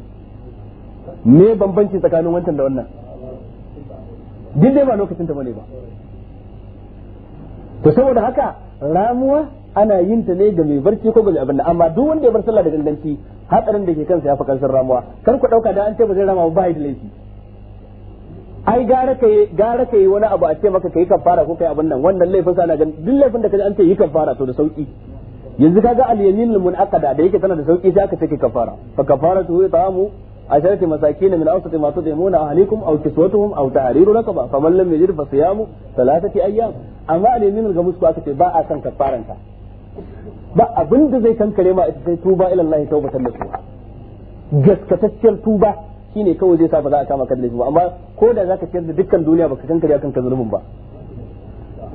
me bambanci tsakanin wancan da wannan duk dai ba lokacin ta bane ba to saboda haka ramuwa ana yin ta ne ga mai barci ko ga mai abinda amma duk wanda ya bar sallah da ganganci hatsarin da ke kansa ya fi kansar ramuwa kar ku dauka da an ce ba zai rama ba da laifi ai gara ka yi gara ka yi wani abu a ce maka kai kafara ko kai abin nan wannan laifin sa na ga duk laifin da kaje an ce yi kafara to da sauki yanzu kaga al yaminul al-munaqada da yake tana da sauki sai aka ce kai kafara fa kafaratu ta'amu عشرة مساكين من أوسط ما تطعمون أهليكم أو كسوتهم أو تعرير رقبة فمن لم يجد فصيام ثلاثة أيام أما أني من الغموس كأكت باء كان كفارا ba بند زي كان كلمة توبة إلى الله توبة النسوة جس tawbatan توبة كيني كو زي kawai zai sa ba أما كودا kama كيرز دكا ba بك كان كريا كان كذلهم با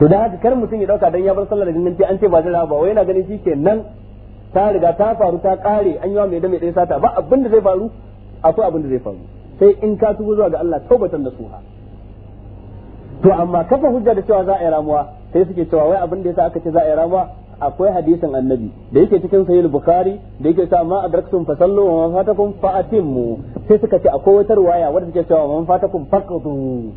to da haka kar mutum ya dauka dan ya bar sallar da gangan an ce ba zai ba wai yana ganin nan ta riga ta faru ta kare an yi wa mai da mai ɗaya sata ba abin da zai faru akwai abin da zai faru sai in ka tubu zuwa ga Allah taubatan da suha to amma kafa hujja da cewa za a yi ramuwa sai suke cewa wai abin da yasa aka ce za a yi ramuwa akwai hadisin annabi da yake cikin sahih bukhari da yake cewa ma adraktum fasallu wa man fatakum fa atimmu sai suka ce akwai wata riwaya wadda take cewa man fatakum faqdu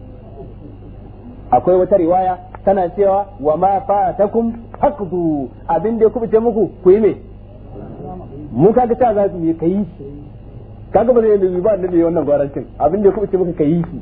akwai wata riwaya tana cewa wa ma fatakum faqdu abin da ya kubuce muku ku yi me mu kaga cewa za mu yi kai kaga ba zai yi ba yi wannan gwarancin abin da ya kuma ce maka yi shi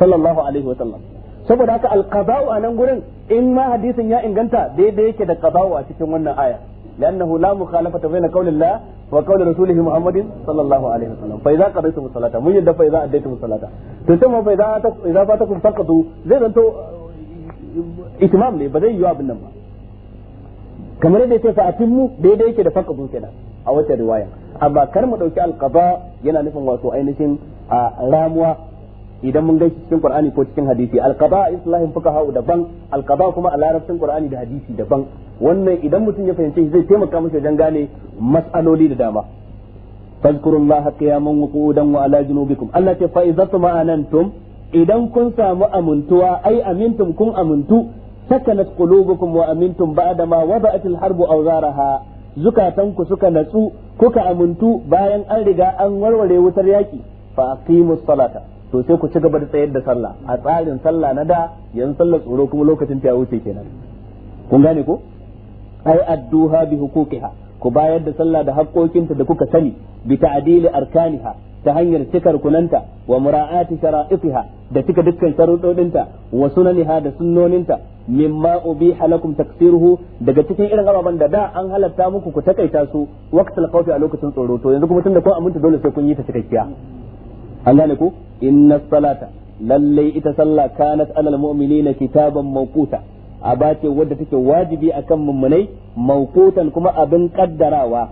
sallallahu alaihi wa sallam saboda haka alqada'u a nan gurin in ma hadisin ya inganta daidai yake da qada'u a cikin wannan aya لأنه لا مخالفة بين قول الله وقول رسوله محمد صلى الله عليه وسلم فإذا قضيتم الصلاة من يد فإذا أديتم الصلاة تتم فإذا إذا فاتكم yiwa زي أنتو إتمام لي بدأ يواب النمى كما لدي تفا أتموا بيدي كده أو رواية amma kar mu dauki alqada yana nufin wato ainihin a ramuwa idan mun gaishe cikin qur'ani ko cikin hadisi alqada islahin fuqaha daban alqada kuma a larabcin qur'ani da hadisi daban wannan idan mutum ya fahimce zai taimaka masa wajen gane mas'aloli da dama fazkuru Allah qiyaman wa qu'udan wa ala junubikum Allah ta idan kun samu amintuwa ai amintum kun amintu sakanat qulubukum wa amintum ba'da ma wada'at al-harbu awzaraha zukatanku suka natsu kuka amintu bayan an riga an warware wutar yaki fa aqimus salata to sai ku ci gaba da tsayar da sallah a tsarin sallah na da yan sallar tsoro kuma lokacin ta wuce kenan kun gane ko ai adduha bi hukukiha ku bayar da sallah da haƙƙoƙinta da kuka sani bi ta'dili arkaniha ta hanyar cikar kunanta wa mura'ati shara'itiha da cika dukkan sharuɗoɗinta wa sunaniha da sunnoninta mimma ubiha lakum taksiruhu daga cikin irin ababen da da an halatta muku ku takaita su waqtal khawfi a lokacin tsoro to yanzu kuma tunda kun aminta dole sai kun yi ta cikakkiya an gane ku inna salata lallai ita sallah kanat alal mu'minina kitaban mawquta aba ce wadda take wajibi akan mummunai mawqutan kuma abin kaddarawa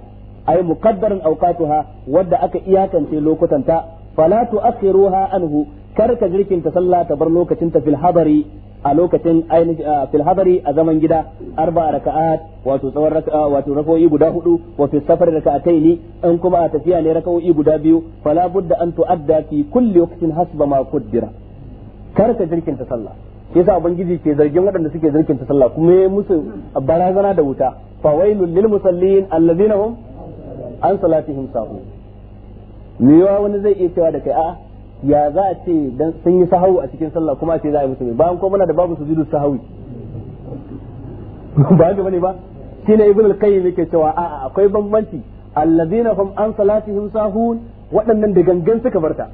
ay muqaddarun awqatuha wadda aka iyakance lokutan ta fala tu'akhiruha anhu kar ka jirkin ta sallah ta bar lokacin ta fil a lokacin fil a zaman gida Arba'a raka'at wato tsawon wato rakawoyi guda hudu wa fi safar raka'ataini in kuma a tafiya ne rakawoyi guda biyu fala budda an tu'adda kar ka yasa ubangiji ke zargin waɗanda suke zargin ta sallah kuma ya musu barazana da wuta fawailul lil musallin hum an salatihim sahu yawa wani zai iya cewa da kai a ya za a ce dan sun yi sahawu a cikin sallah kuma a ce za a yi musu bayan ko muna da babu su sujudu sahawi ba haka bane ba shine ibn al-qayyim yake cewa a akwai bambanci alladhina hum an salatihim sahun waɗannan da gangan suka barta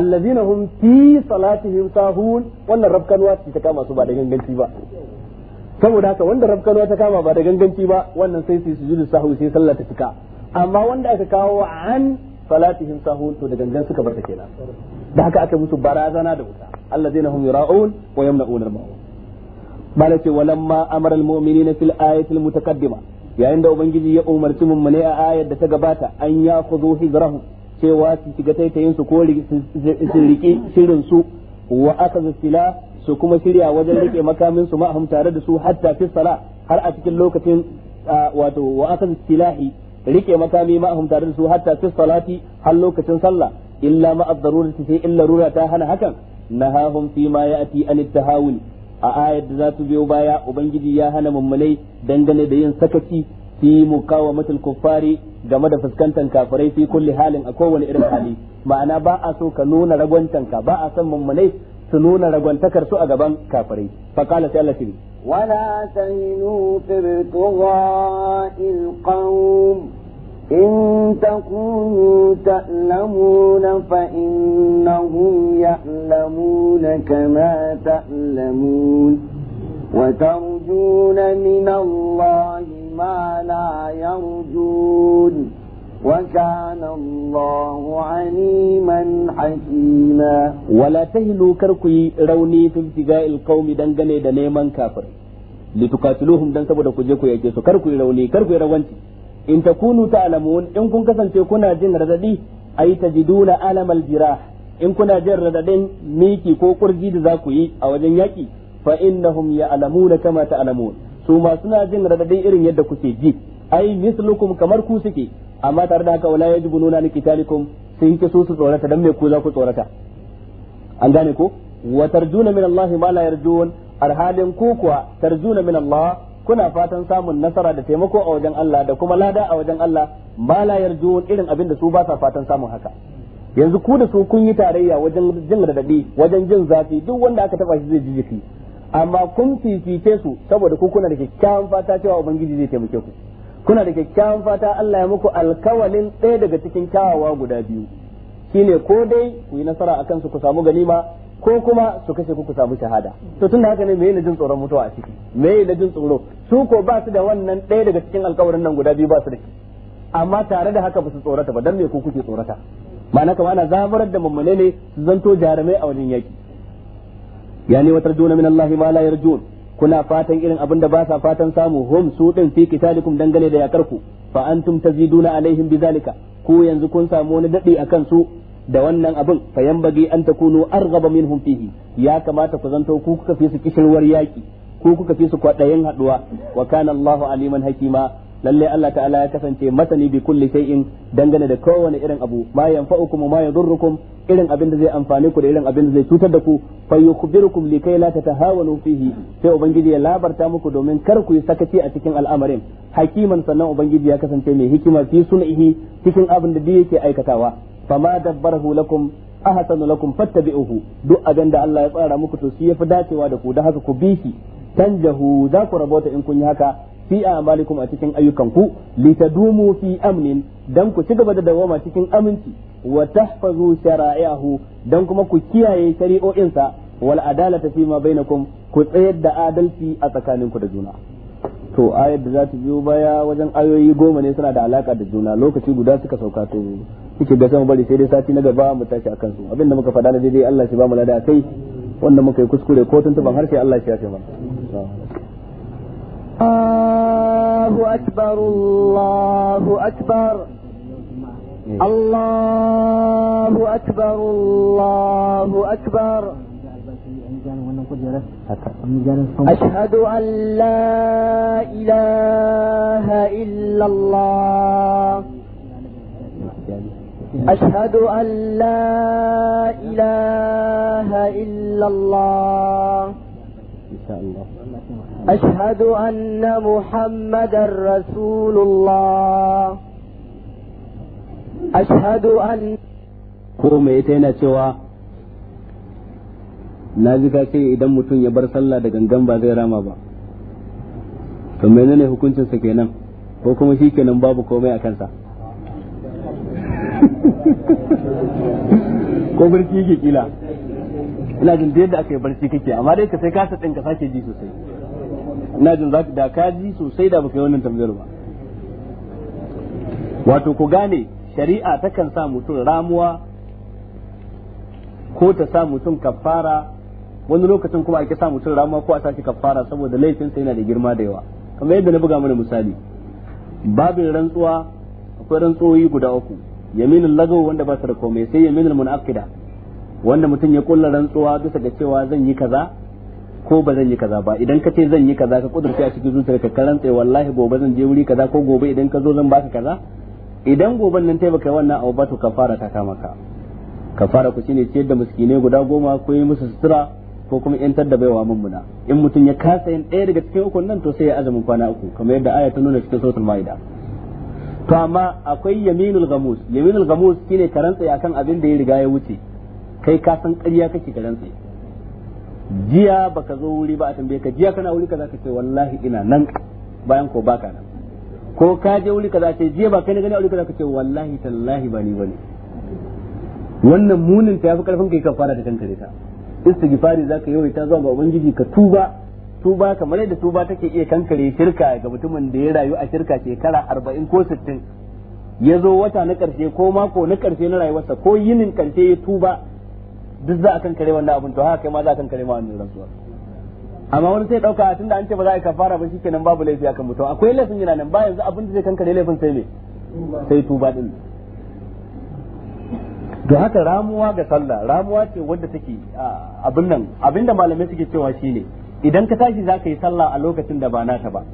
alladhina hum fi salatihim sahun wannan rafkanwa ce ta kama su ba da ganganci ba saboda haka wanda rafkanwa ta kama ba da ganganci ba wannan sai su sujudu sahwi sai sallah ta cika amma wanda aka kawo an salatihim sahun to da gangan suka barta kenan da haka aka musu barazana da wuta Allah allazina hum yura'un wa yamna'un al-ma'un bala ce walamma amara al-mu'minina fil ayati al-mutaqaddima yayin da ubangiji ya umarci mun ne a ayar da ta gabata an ya khudhu hijrahu cewa su shiga taitayin su ko su rike shirin su wa sila su kuma shirya wajen rike makamin su ma'ahum tare da su hatta fi sala har a cikin lokacin wato wa akazu silahi rike makami ma'ahum tare da su hatta fi salati har lokacin sallah illa ma ad-darurati sai illa rura ta hana hakan nahahum fi ma ya'ti an at-tahawul a ayat da za su biyo baya ubangiji ya hana mummunai dangane da yin sakaci fi mukawamatul kuffari game da fuskantar kafirai fi kulli halin a kowane irin hali ma'ana ba a so ka nuna tanka ba a san mummunai su nuna ragwantakar su a gaban kafirai fa qala sai ولا تهنوا في ابتغاء القوم إن تكونوا تألمون فإنهم يألمون كما تألمون وترجون من الله ما لا يرجون وكان الله عليما حكيما ولا تهنوا كركي روني في ابتغاء القوم دنگني da neman kafirai litukatiluhum dan saboda ku je ku yake su karku rauni karku rawanci in takunu ta'lamun in kun kasance kuna jin radadi ay tajiduna alamal jira in kuna jin radadin miki ko kurji da za ku yi a wajen yaki fa alamu ya'lamuna kama alamu. su ma suna jin radadi irin yadda kuke ji ai mislukum kamar ku suke amma tare da haka wala yajbununa liqitalikum sai yake su su tsorata dan me ku za ku tsorata an gane ko wa tarjuna min Allah ma la yarjun arhalin ku kuwa tarjuna min Allah kuna fatan samun nasara da taimako a wajen Allah da kuma lada a wajen Allah ma la yarjun irin abin da su ba sa fatan samun haka yanzu ku da su kun yi tarayya wajen jin radadi wajen jin zafi duk wanda aka taba shi zai ji jiki amma kun fifice su saboda ku kuna da kyakkyawan fata cewa ubangiji zai taimake ku kuna da kyakkyawan fata Allah ya muku alkawalin ɗaya daga cikin kyawawa guda biyu shine ko dai ku yi nasara akan su ku samu ganima ko kuma su kashe ku ku samu shahada to tunda haka ne meye na jin tsoron mutuwa a ciki meye na jin tsoro su ko ba su da wannan ɗaya daga cikin alkawarin nan guda biyu ba su da shi amma tare da haka ba su tsorata ba dan me ku kuke tsorata ma'ana kamar ana zaburar da mummune ne su zanto jarumai a wajen yaki yani watar juna min Allah ma la yarjun kuna fatan irin abin da ba sa fatan samu hum su din fi kitalikum dangane da ku fa antum taziduna alaihim bizalika ku yanzu kun samu wani dadi akan su da wannan abin fa yambagi an ta takunu arghaba minhum fihi ya kamata ku zanto ku kuka fi su kishirwar yaki ku kuka fi su kwadayin haduwa wa kana allah aliman hakima lalle Allah ta'ala ya kasance masani bi kulli shay'in dangane da kowane irin abu ma yanfa'ukum ma yadurrukum irin abin da zai amfane ku da irin abin da zai cutar da ku fa yukhbirukum likai la tatahawanu fihi sai ubangiji ya labarta muku domin kar ku yi sakaci a cikin al'amarin hakiman sannan ubangiji ya kasance mai hikima fi sun'ihi cikin abin da yake aikatawa fama dabbarahu lakum ahsanu lakum fattabi'uhu duk abin da Allah ya tsara muku to shi yafi dacewa da ku da haka ku bi shi tanjahu za ku rabota in kun yi haka fi a'malikum a cikin ayyukanku litadumu fi amnin dan ku ci gaba da dawama cikin aminci wa tahfazu shara'ihu dan kuma ku kiyaye shari'o'insa wal adalata fi ma bainakum ku tsayar da adalci a tsakaninku da juna to ayat da za ta biyo baya wajen ayoyi goma ne suna da alaka da juna lokaci guda suka sauka to kike ga sama bari sai dai sati na gaba mu tashi akan su abinda muka faɗa na daidai Allah shi ba mu lada kai wanda muka yi kuskure ko tuntuban harshe Allah shi ya ce mana الله أكبر الله أكبر الله أكبر الله أكبر أشهد أن لا إله إلا الله أشهد أن لا إله إلا الله إن شاء الله أشهد أن محمدا رسول الله أشهد أن كومي يتينا سوى naji ka ce idan mutum ya bar sallah da gangan ba zai rama ba to menene hukuncinsa kenan ko kuma shi kenan babu komai a kansa ko barci yake kila ina jin da yadda aka yi barci kake amma dai ka sai kasa din ka sake ji sosai ina jin zaki da ka ji sosai da baka yi wannan tambayar ba wato ku gane shari'a takan sa mutum ramuwa ko ta sa mutum kafara wani lokacin kuma ake sa mutum ramuwa ko a sa shi kafara saboda laifinsa yana da girma da yawa kamar yadda na buga mana misali babin rantsuwa akwai rantsuwoyi guda uku yaminin lagawo wanda ba su da komai sai yaminin munafida wanda mutum ya kulla rantsuwa bisa ga cewa zan yi kaza ko ba zan yi kaza ba idan ka ce zan yi kaza ka kudurta a cikin zuciyarka ka rantsa wallahi gobe zan je wuri kaza ko gobe idan ka zo zan baka kaza idan goben nan taimaka baka wannan abu ba to kafara ta kama ka kafara ku shine ciyar da miskinai guda goma ko yi musu sutura ko kuma yantar da baiwa muna in mutum ya kasa yin ɗaya daga cikin ukun nan to sai ya azumin kwana uku kamar yadda aya ta nuna cikin suratul maida to amma akwai yaminul gamus yaminul gamus shine ka rantse akan abin da ya riga ya wuce kai ka san ƙarya kake ka rantse jiya baka zo wuri ba a tambaye ka jiya kana wuri kaza ka ce wallahi ina nan bayan ko baka nan ko ka je wuri kaza ce jiya ba kai ne gani a wuri kaza ka ce wallahi tallahi ba ni bane wannan munin ta yafi karfin kai kan fara da kanka ta istighfari zaka yi ta zuwa ga ubangiji ka tuba tuba kamar yadda tuba take iya kankare shirka ga mutumin da ya rayu a shirka shekara 40 ko 60 ya zo wata na karshe ko mako na karshe na rayuwarsa ko yinin ƙarshe ya tuba duk za a kan kare wannan abin to haka kai ma za a kan kare ma wannan rantsuwa amma wani sai dauka tunda an ce ba za a kafara ba shikenan babu laifi akan mutum akwai laifin yana nan ba yanzu abin da zai kan kare laifin sai ne sai tuba din to haka ramuwa ga sallah ramuwa ce wadda take abin nan abinda malamai suke cewa shine idan ka tashi za ka yi sallah a lokacin da ba nata ba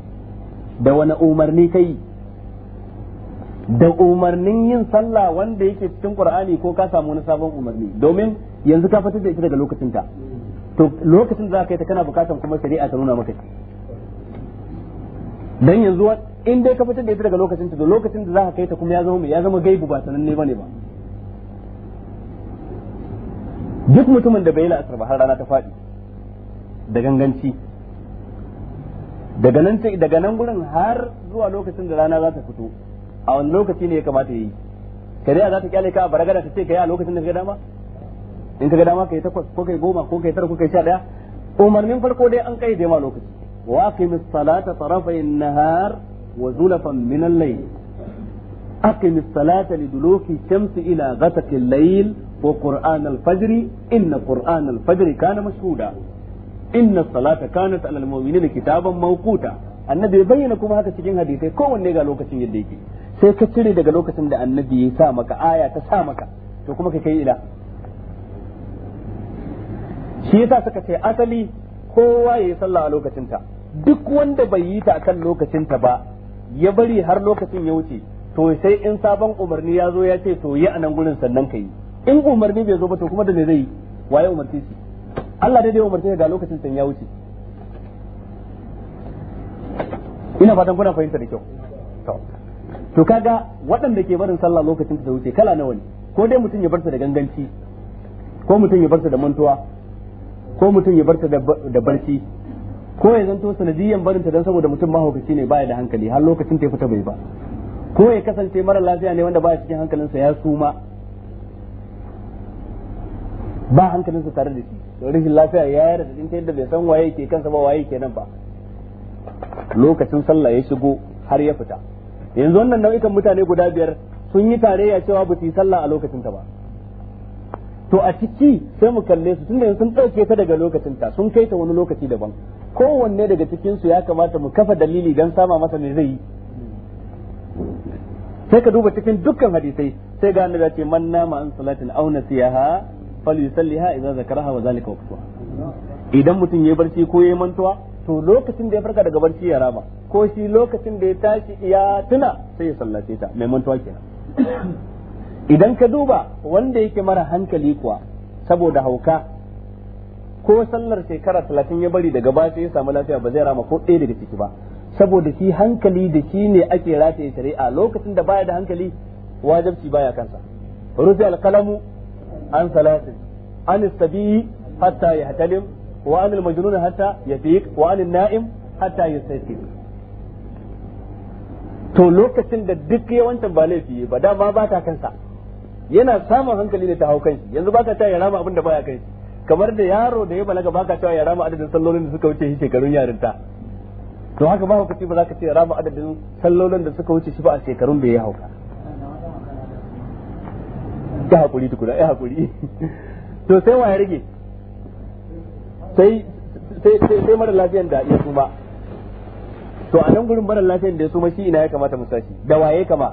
da wani umarni ka yi da umarnin yin sallah wanda yake cikin qur'ani ko ka samu wani sabon umarni domin yanzu ka fitar da ita daga lokacin ta to lokacin da za ka yi ta kana bukatar kuma shari'a ta nuna maka shi dan yanzu in dai ka fitar da ita daga lokacin ta to lokacin da za ka kai ta kuma ya zama mai ya zama gaibu ba sananne bane ba duk mutumin da bai la'asar ba har rana ta faɗi da ganganci daga nan daga nan gurin har zuwa lokacin da rana za ta fito a wani lokaci ne ya kamata yi shari'a za ta kyale ka a baragada ta ce ka yi a lokacin da ka dama in kaga dama kai takwas ko kai goma ko kai tara ko kai sha daya umarnin farko dai an kaide ma lokaci wa aqimis salata tarafay an-nahar wa zulafan min al-layl aqimis salata liduluki shamsi ila ghasaqi al-layl wa qur'an al-fajr inna qur'an al-fajr kana mashhuda inna salata kanat ala al-mu'minina kitaban mawquta annabi bayyana kuma haka cikin hadisai kowanne ga lokacin yadda yake sai ka cire daga lokacin da annabi ya sa maka aya ta sa maka to kuma ka kai ila shi yasa suka ce asali kowa ya yi sallah a lokacinta duk wanda bai yi ta akan lokacinta ba ya bari har lokacin ya wuce to sai in sabon umarni ya zo ya ce to yi a nan gurin sannan ka yi in umarni bai zo ba to kuma da me zai yi waye umarci shi Allah dai dai umarci ga lokacin san ya wuce ina fatan kuna fahimta da kyau to kaga waɗanda ke barin sallah lokacin ta wuce kala nawa ne ko dai mutum ya bar ta da ganganci ko mutum ya bar ta da mantuwa ko mutum ya barta da barci ko ya zanto sanadiyan barinta don saboda mutum mahaukaci ne baya da hankali har lokacin ta fita bai ba ko ya kasance mara lafiya ne wanda baya cikin hankalinsa ya suma ba hankalinsa tare da shi rashin lafiya ya yi da ta yadda bai san waye ke kansa ba waye ke nan ba lokacin sallah ya shigo har ya fita yanzu wannan nau'ikan mutane guda biyar sun yi tarayya cewa ba su yi sallah a lokacin ta ba to a ciki sai mu kalle su tunda sun ɗauke ta daga lokacin ta sun kai ta wani lokaci daban kowanne daga cikinsu ya kamata mu kafa dalili don sama masa ne zai yi sai ka duba cikin dukkan hadisai sai ga annabi ce man nama an salatin aw nasiyaha falyusalliha idza zakaraha wa zalika waqtuha idan mutum yayi barci ko yayi mantuwa to lokacin da ya farka daga barci ya raba ko shi lokacin da ya tashi ya tuna sai ya sallace ta mai mantuwa kenan idan ka duba wanda yake mara hankali kuwa saboda hauka ko sallar shekara talatin ya bari daga baya ya sami lafiya ba zai rama ko ɗaya daga ciki ba saboda shi hankali da shi ne ake rataye shari'a lokacin da baya da hankali wajabci baya kansa rufi alkalamu an salasin an istabi hatta ya hatalim wa anil majnun hatta ya fiq wa anil na'im hatta ya to lokacin da duk yawancin ba laifi ba dama ba ta kansa yana samun hankali ne ta hau kanshi yanzu baka ta ya rama abin da baya kai kamar da yaro da ya balaga baka ta ya rama adadin sallolin da suka wuce shi shekarun yarinta to haka ba ku ci ba za ka ce rama adadin sallolin da suka wuce shi ba a shekarun da ya hauka ga hakuri tukuna ai hakuri to sai wa ya rage sai sai sai, sai mara lafiyan da ya suma to a nan gurin mara lafiyan da ya suma shi ina ya kamata mu sashi da waye kama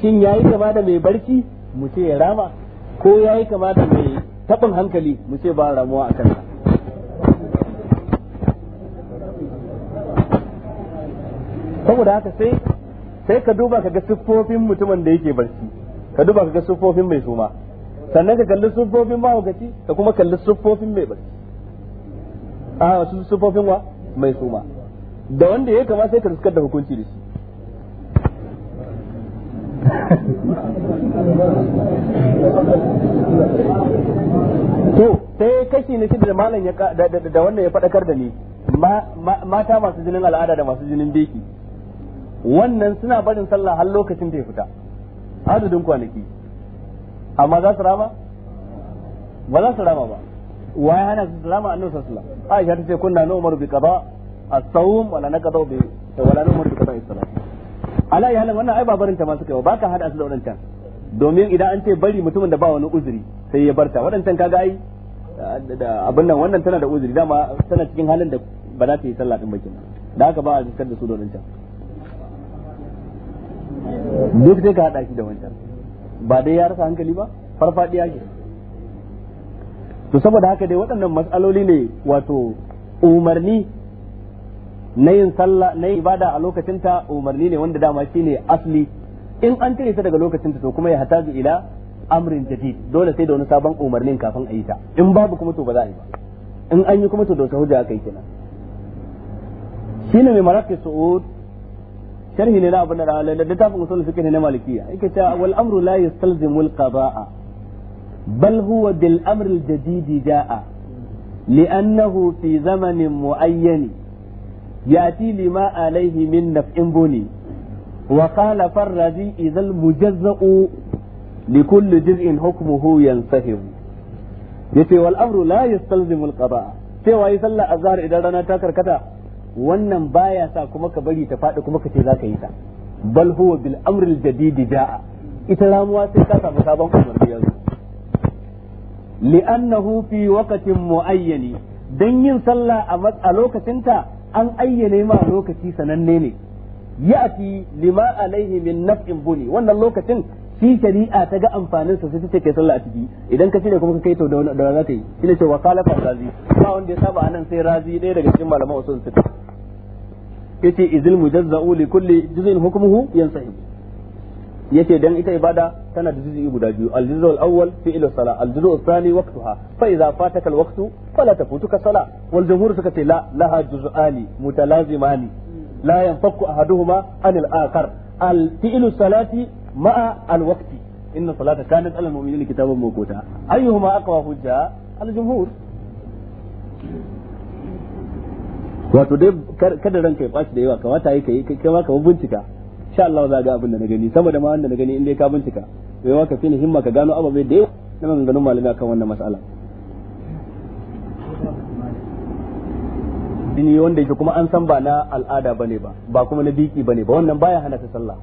shin yayi kama da mai barci mu ce ya rama ko kama kamata mai tabin hankali mu ce ba ramuwa a kansa saboda haka sai sai ka duba ka ga siffofin mutumin da yake barci ka duba ka ga siffofin mai suma sannan ka kalli siffofin mahaukaci ka kuma kalli siffofin mai barci a ah, wasu siffofin wa mai suma da wanda ya kama sai ka riskar da hukunci da shi to sai kashi na shida da malam ya da wannan ya fadakar da ni mata masu jinin al'ada da masu jinin beki wannan suna barin sallah har lokacin da ya fita adadin kwanaki amma za su rama ba za su rama ba waye hana su rama annabi sallallahu alaihi wasallam aisha ta ce kunna na umar bi qada as-sawm wala naqadu bi wala na umar bi qada as-salat ala ya halin wannan ai babarinta barinta ma suka yi ba ka hada su da wadancan domin idan an ce bari mutumin da ba wani uzuri sai ya barta wadancan kaga ai abin nan wannan tana da uzuri dama tana cikin halin da ba za ta yi sallah din bakin da haka ba a jiskar da su da wadancan duk dai ka hada shi da wancan ba dai ya rasa hankali ba farfadiya ke to saboda haka dai waɗannan mas'aloli ne wato umarni na yin sallah na yin ibada a lokacin ta umarni ne wanda dama shine asli in an cire ta daga lokacin ta to kuma ya hataji ila amrin jadid dole sai da wani sabon umarnin kafin a yi ta in babu kuma to ba za a yi ba in an yi kuma to da wata hujja aka yi kenan shine mai maraki su'ud sharhi ne na abin da da tafin usul suke ne na malikiya yake cewa wal amru la yastalzimu al qada'a bal huwa bil amr al jadid jaa li'annahu fi zamanin mu'ayyan yati lima alaihi min naf'in buni wa qala farrazi idhal mujazza'u li kulli juz'in hukmuhu yansahib yace wal amru la yastalzimu al qada cewa yi sallah azhar idan rana ta karkata wannan baya sa kuma ka bari ta faɗi kuma ka ce zaka yi ta bal huwa bil amri al jadid jaa ita ramuwa sai ka samu sabon umarni yanzu li'annahu fi waqtin mu'ayyani dan yin sallah a lokacinta an ayyane ma lokaci sananne ne ya'ti lima alaihi min naf'in buni wannan lokacin fi shari'a ta ga amfanin sa sai take sallah a ciki idan ka shirya kuma ka kai to da da za ka yi shine ce wa khalafa razi ba wanda ya saba anan sai razi ɗaya daga cikin malaman usul sita yace izil mujazza'u li kulli juz'in hukmuhu yansahi yace dan ita ibada tana da juz'i guda biyu al-juz'u al-awwal fi'lu sala al-juz'u ath-thani waqtuha fa idza fataka al-waqtu fala tafutuka sala wal jumhur suka ce la laha juz'ani mutalazimani la yanfaku ahaduhuma an al-akhar al-fi'lu salati ma'a al-waqti inna salata kanat ala al-mu'minina kitaban mawquta ayyuhuma aqwa hujja al-jumhur wato dai kada ranka ya bashi da yawa kamata yi kai kai ma ka bincika insha Allah za ga abin da na gani sama da ma wanda na gani inda ka bincika bai yawa ka fina himma ka gano bai da yawa na ganin malami akan wannan mas'ala jini wanda yake kuma an san ba na al'ada bane ba ba kuma na biki bane ba wannan baya hana ta sallah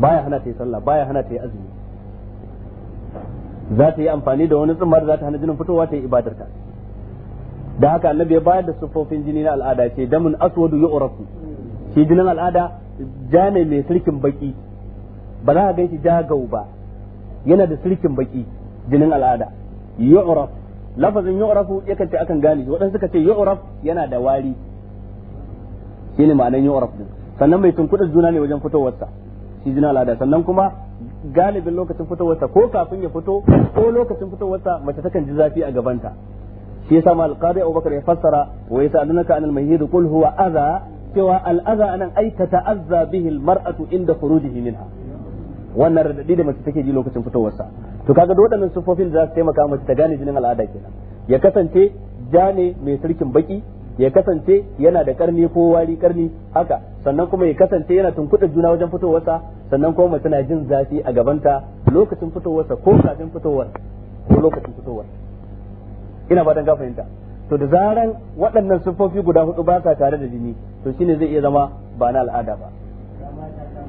baya hana ta yi sallah baya hana ta yi azumi za ta yi amfani da wani tsumma da za ta hana jinin fitowa ta yi ibadarta da haka annabi ya bayar da sufofin jini na al'ada ce damun aswadu yu'raku shi jinin al'ada ja ne mai sirkin baki ba za a gan shi jagau ba yana da sirkin baki jinin al'ada yu'raf lafazin yu'rafu yakan ce akan gane shi waɗansu suka ce yu'raf yana da wari shine ma'anan yu'raf din sannan mai tunkuɗa juna ne wajen sa shi jinin al'ada sannan kuma galibin lokacin sa ko kafin ya fito ko lokacin sa mace takan ji zafi a gabanta shi yasa mal qadi Abubakar ya fassara wa yasalunaka anil mahid qul huwa adha cewa al'aza anan ai ta ta'azza bihi almar'atu inda khurujihi minha wannan radadi da mace take ji lokacin fitowarsa to kaga da waɗannan sufofin za su taimaka mace ta gane jinin al'ada kenan ya kasance ja ne mai sarkin baki ya kasance yana da karni ko wari karni haka sannan kuma ya kasance yana tunkuɗa juna wajen fitowarsa sannan kuma mace na jin zafi a gabanta lokacin fitowarsa ko kafin fitowar ko lokacin fitowar ina fatan ka fahimta to da zaran waɗannan siffofi guda hudu ba sa tare da jini to shine zai iya zama ba na al'ada ba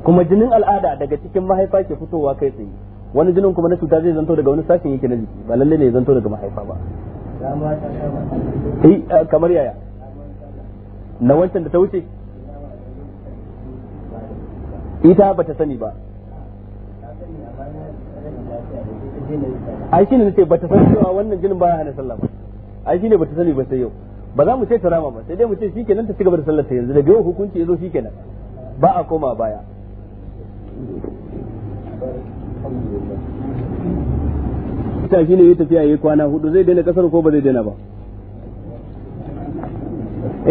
kuma jinin al'ada daga cikin mahaifa ke fitowa kai tsaye wani jinin kuma na cuta zai zanto daga wani sashen yake na jiki ba lalle ne ya zanto daga mahaifa ba eh kamar yaya na wancan da ta wuce ita ba ta sani ba ai shine nace ba ta san cewa wannan jinin baya hana sallah ba ai shine bata sani ba sai yau ba za mu ce ta rama ba sai dai mu ce shikenan ta cigaba da sallar ta yanzu daga yau hukunci yazo shikenan ba a koma baya ita shine yayi tafiya yayi kwana hudu zai daina kasar ko ba zai daina ba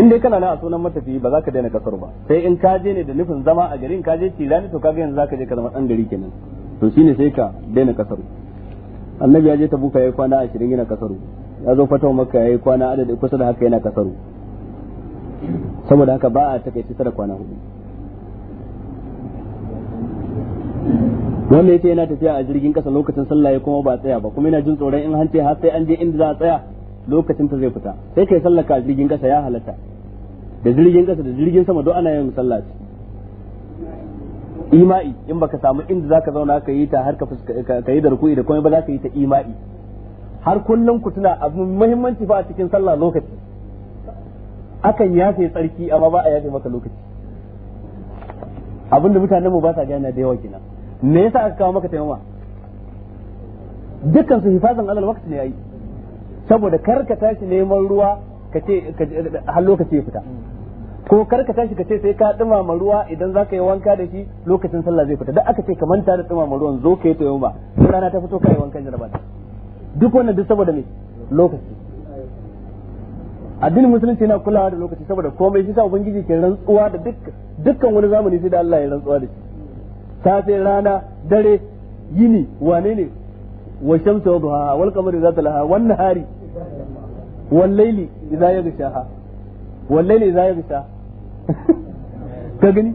in dai kana na a sunan matafi ba za ka daina kasar ba sai in ka je ne da nufin zama a garin ka je tirani to kaga yanzu ka je ka zama dan gari kenan to shine sai ka daina kasar annabi ya je tabuka yayi kwana 20 yana kasar ya zo fatawa maka ya yi kwana adadi kusa da haka yana kasaru saboda haka ba a takaice tara kwana hudu wanda ce yana tafiya a jirgin kasa lokacin sallah ya kuma ba tsaya ba kuma yana jin tsoron in hanci har sai an je inda za a tsaya lokacin ta zai fita sai kai sallaka a jirgin kasa ya halatta da jirgin kasa da jirgin sama duk ana yin sallah ima'i in baka samu inda zaka zauna ka yi ta har ka yi da ruku'i da komai ba za ka yi ta ima'i har kullum ku tuna abu muhimmanci fa a cikin sallah lokaci akan yafe tsarki amma ba a yafe maka lokaci abinda mutanen mu ba sa gane da yawa kina me yasa aka kawo maka taimama dukkan su hifazan alal waqti ne yayi saboda kar ka tashi neman ruwa ka ce har lokaci ya fita ko kar ka tashi ka ce sai ka dumama ruwa idan za ka yi wanka da shi lokacin sallah zai fita da aka ce ka manta da dumama ruwan zo ka yi taimama rana ta fito ka yi wankan jarabata duk wannan duk saboda me lokaci addinin musulunci yana kulawa da lokaci saboda komai shi sa ubangiji ke rantsuwa da dukkan wani zamani sai da Allah ya rantsuwa da shi safe rana dare yini wane ne wa shamsu wa duha wal qamari zata laha wan nahari wal layli idza yaghsha wal layli idza yaghsha ka gani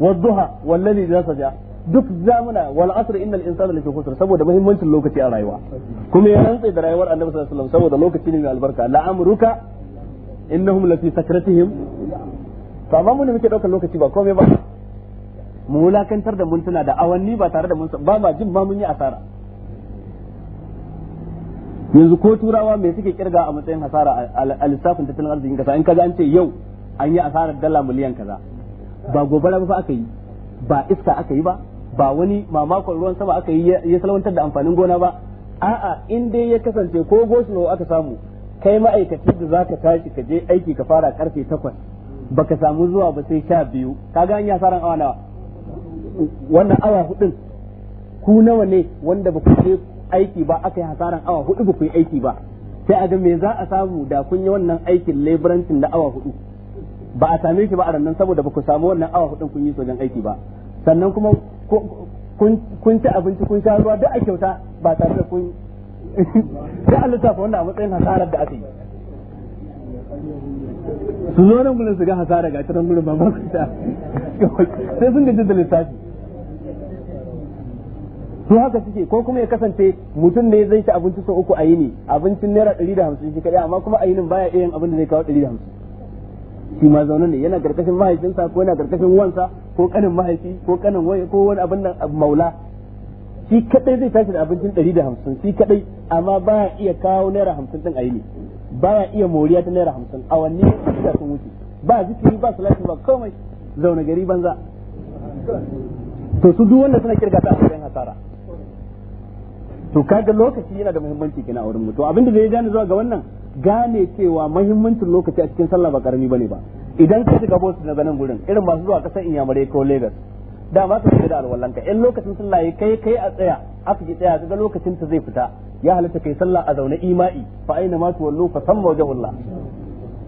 wa duha wal layli idza saja duk zamuna wal asr innal insana lafi khusr saboda muhimmancin lokaci a rayuwa kuma ya rantsa da rayuwar annabi sallallahu alaihi wasallam saboda lokaci ne mai albarka la amruka innahum lafi sakratihim to amma mun muke daukar lokaci ba komai ba mu wulakantar da muntuna da awanni ba tare da mun ba ma jin ba mun yi asara yanzu ko turawa mai suke kirga a matsayin hasara a lissafin tattalin arzikin kasa in kaza an ce yau an yi asarar dala miliyan kaza ba gobara ba aka yi ba iska aka yi ba ba wani mamakon ruwan sama aka yi ya salwantar da amfanin gona ba a'a in dai ya kasance ko gosulo aka samu kai ma'aikaci da za ka tashi ka je aiki ka fara karfe takwas baka samu zuwa ba sai sha biyu kaga an yi awa nawa wannan awa hudun ku nawa ne wanda ba ku je aiki ba aka yi hasaran awa hudu ba ku yi aiki ba sai a ga me za a samu da kun yi wannan aikin leburancin da awa hudu ba a same shi ba a rannan saboda ba ku samu wannan awa hudun kun yi sojan aiki ba sannan kuma kun ci abinci kun sha ruwa duk a kyauta ba tare da kun sai an fa wannan a matsayin hasarar da ake yi su zo nan gudun su ga hasara ga cikin gudun ba ku ta sai sun gaji da lissafi su haka suke ko kuma ya kasance mutum ne zai ci abinci sau uku a yini abincin naira ɗari da hamsin shi kaɗai amma kuma a yinin baya iya yin abin da zai kawo ɗari da hamsin shi ma zaune ne yana karkashin mahaifinsa ko yana karkashin wansa ko kanin mahaifi ko kanin waye ko wani abin nan maula shi kadai zai tashi da abincin 150 shi kadai amma baya iya kawo naira 50 din aini baya iya moriya ta naira 50 awanni da sun wuce ba zikiri ba salati ba komai zaune gari banza to su duk wanda suna kirga ta a cikin hasara to kaga lokaci yana da muhimmanci kina a wurin mu to abinda zai gane zuwa ga wannan gane cewa mahimmancin lokaci a cikin sallah ba karami bane ba idan ka shiga bosu daga nan gurin irin masu zuwa kasar inyamurai ko lagos ba su shiga da alwallanka in lokacin sallah ya kai kai a tsaya aka ki tsaya daga lokacin ta zai fita ya halitta kai sallah a zaune ima'i fa aina ma tuwallu fa samma wajhullah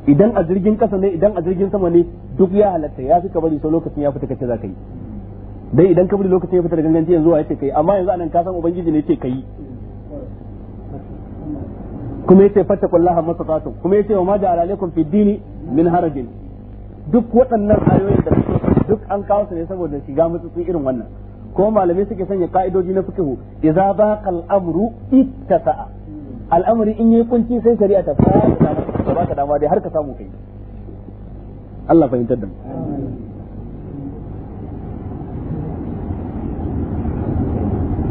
idan a jirgin kasa ne idan a jirgin sama ne duk ya halatta ya fi bari so lokacin ya fita kace za ka yi dai idan ka bari lokacin ya fita da ganganci yanzu ya ce kai amma yanzu anan ka san ubangiji ne yake kai kuma yace fattaqullaha masata'tum kuma yace wa ma ja'ala alaikum fid dini min harajin duk waɗannan ayoyin da suke duk an kawo su ne saboda shiga mutsutsun irin wannan ko malamai suke sanya ka'idoji na fiqhu idza baqa al-amru ittasa'a al'amari in yi kunci sai shari'a ta fara ba ka dama dai har ka samu kai Allah fahimtar da mu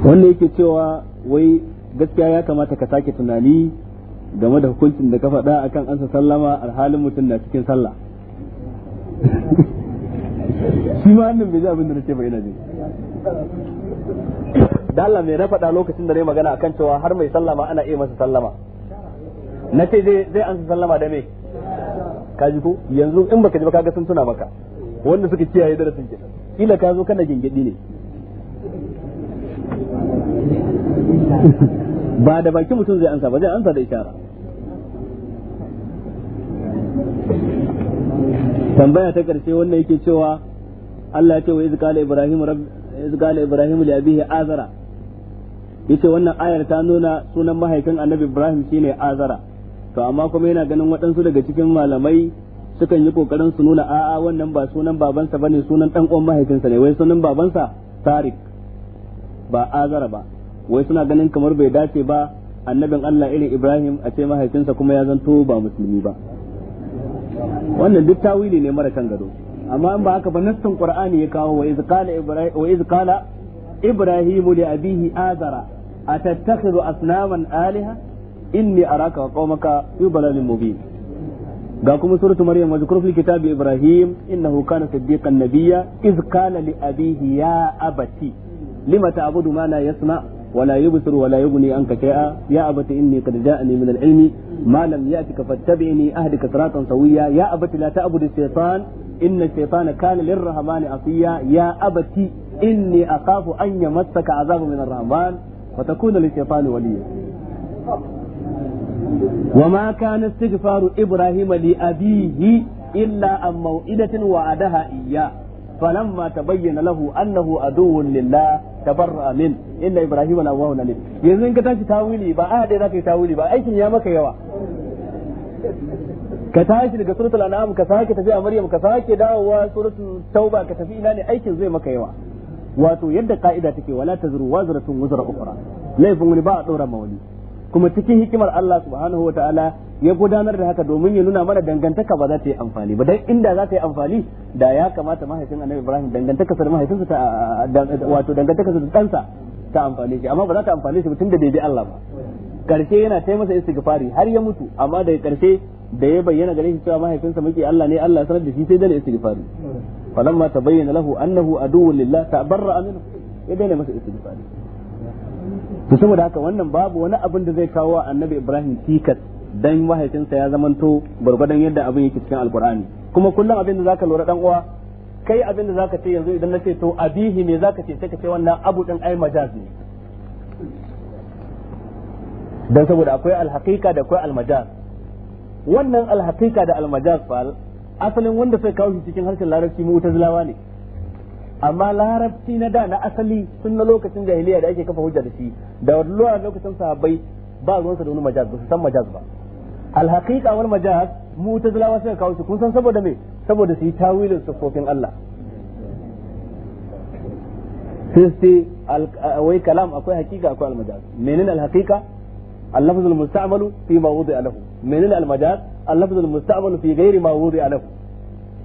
wannan yake cewa wai gaskiya ya kamata ka sake tunani game da hukuncin da ka faɗa a kan ansa sallama alhalin mutum na cikin sallah shi ma hannun bai ji abin da na ce ina ji da Allah mai na faɗa lokacin da ne magana akan cewa har mai sallama ana iya masa sallama na ce zai ansa sallama da me ka ji ko yanzu in baka ji ba kaga sun tuna maka wanda suka kiyaye darasin kenan kila ka zo kana gingidi ne ba da baki mutum zai ansa ba zai ansa da ishara tambaya ta karshe wannan yake cewa Allah ya ce wa iz ibrahim rabb ibrahim li abihi azara yace wannan ayar ta nuna sunan mahaifin annabi ibrahim shine azara to amma kuma yana ganin waɗansu daga cikin malamai sukan yi kokarin su nuna a'a wannan ba sunan babansa bane sunan dan uwan mahaifinsa ne wai sunan babansa tarik ba azara ba wai suna ganin kamar bai dace ba annabin Allah irin Ibrahim a ce mahaifinsa kuma ya zanto ba musulmi ba wannan duk tawili ne mara kan gado amma in ba haka ba nassin qur'ani ya kawo wa iz ibrahim wa iz ibrahim li abihi azara atattakhidhu asnaman alaha inni araka wa qaumaka fi dalalin mubin ga kuma suratu maryam wa zikru fil kitabi ibrahim innahu kana siddiqan nabiyya iz qala li abihi ya abati lima ta'budu ma la yasma' ولا يبصر ولا يغني عنك شيئا يا أبت إني قد جاءني من العلم ما لم يأتك فاتبعني أهدك صراطا سويا يا أبت لا تعبد الشيطان إن الشيطان كان للرحمن عصيا يا أبت إني أخاف أن يمسك عذاب من الرحمن فتكون للشيطان وليا وما كان استغفار إبراهيم لأبيه إلا عن موئدة وعدها إياه فلما تبين له أنه عدو لله tabarra min inna ibrahima nawahun alim yanzu in ka tashi tawili ba a dai zaka yi tawili ba aikin ya maka yawa ka tashi daga suratul an'am ka sake tafi a maryam ka sake dawowa suratul tauba ka tafi ina ne aikin zai maka yawa wato yadda ka'ida take wala tazru wazratun wazra ukhra laifin wani ba a dora mawali wani kuma cikin hikimar Allah subhanahu wataala ya gudanar da haka domin ya nuna mana dangantaka ba za ta yi amfani ba dan inda za ta yi amfani da ya kamata mahaifin Annabi Ibrahim dangantaka sa da mahaifinsa ta wato dangantaka sa da sa ta amfani shi amma ba za ta amfani shi tun da bai bi Allah ba karshe yana ta masa istighfari har ya mutu amma daga karshe da ya bayyana gare shi cewa mahaifinsa muke Allah ne Allah sanar da shi sai dana istighfari falamma tabayyana lahu annahu aduwwun lillah tabarra'a minhu ya daina masa istighfari to saboda haka wannan babu wani abin da zai kawo annabi ibrahim cikas dan mahaifinsa ya zamanto gwargwadon yadda abin yake cikin alkur'ani kuma kullum abin da zaka lura dan uwa kai abin da zaka ce yanzu idan na ce to abihi me zaka ce sai ka ce wannan abu din ai majaz ne dan saboda akwai alhaqiqa da akwai almajaz wannan alhaqiqa da almajaz fa asalin wanda sai kawo shi cikin harshen larabci mu zulawa ne amma larabci na da na asali tun na lokacin jahiliya da ake kafa hujja da shi da walluwa lokacin sahabbai ba ruwansa da wani majaz ba su san majaz ba alhaqiqa wal majaz mu'tazilawa suka kawo su kun san saboda me saboda su yi tawilin sufofin Allah sai sai wai kalam akwai haqiqa akwai almajaz menene alhaqiqa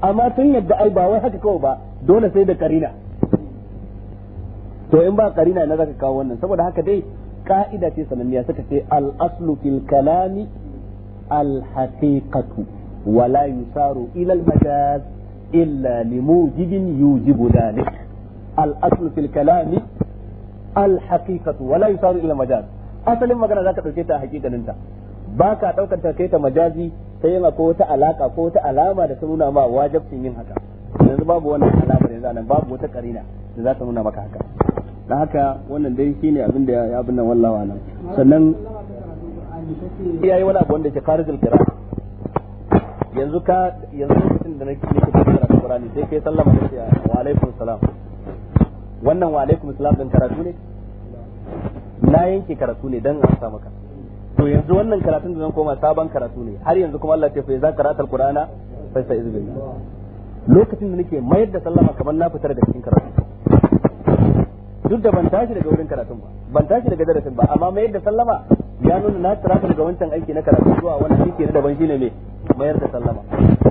amma sun yadda ai ba wai haka kawai ba dole sai da karina to in ba karina na zaka kawo wannan saboda haka dai ka'ida ce sananniya suka ce al aslu fil kalami al haqiqatu wa la yusaru ila al majaz illa limujibin yujibu dalik al aslu fil kalami al haqiqatu wa la yusaru ila al majaz asalin magana zaka dauke ta hakikaninta ba ka daukar ta kai ta majazi sai yana ko wata alaka ko wata alama da ta nuna ma wajabcin yin haka yanzu babu wannan alamar yanzu nan babu wata karina da za ta nuna maka haka dan haka wannan dai shine abin da ya abin nan wallawa nan sannan yayi wani abu wanda ke karizul kira yanzu ka yanzu mutum da nake nake kira Qur'ani sai kai sallama da wa alaikum salam wannan wa alaikum salam din karatu ne na yanke karatu ne dan an samu maka to yanzu wannan karatun da zan koma sabon karatu ne har yanzu kuma Allah ya fa za karatu alqur'ana fa sai izbi lokacin da nake mayar da sallama kamar na fitar da cikin karatu duk da ban tashi daga wurin karatun ba ban tashi daga darasin ba amma mayar da sallama ya nuna na tsara daga wancan aiki na karatu zuwa wani aiki na daban shine me mayar da sallama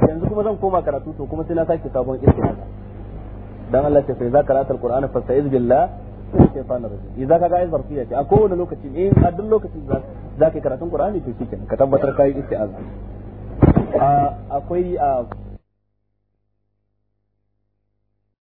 yanzu kuma zan koma karatu to kuma sai na sake sabon ilimi dan Allah ya fa za karatu alqur'ana fa sai izbillah sai shaytan rajim idza ka ga ai zarfiya ce a kowane lokaci eh a duk lokacin za za ka karatun qur'ani to shikenan ka tabbatar kai isti'aza akwai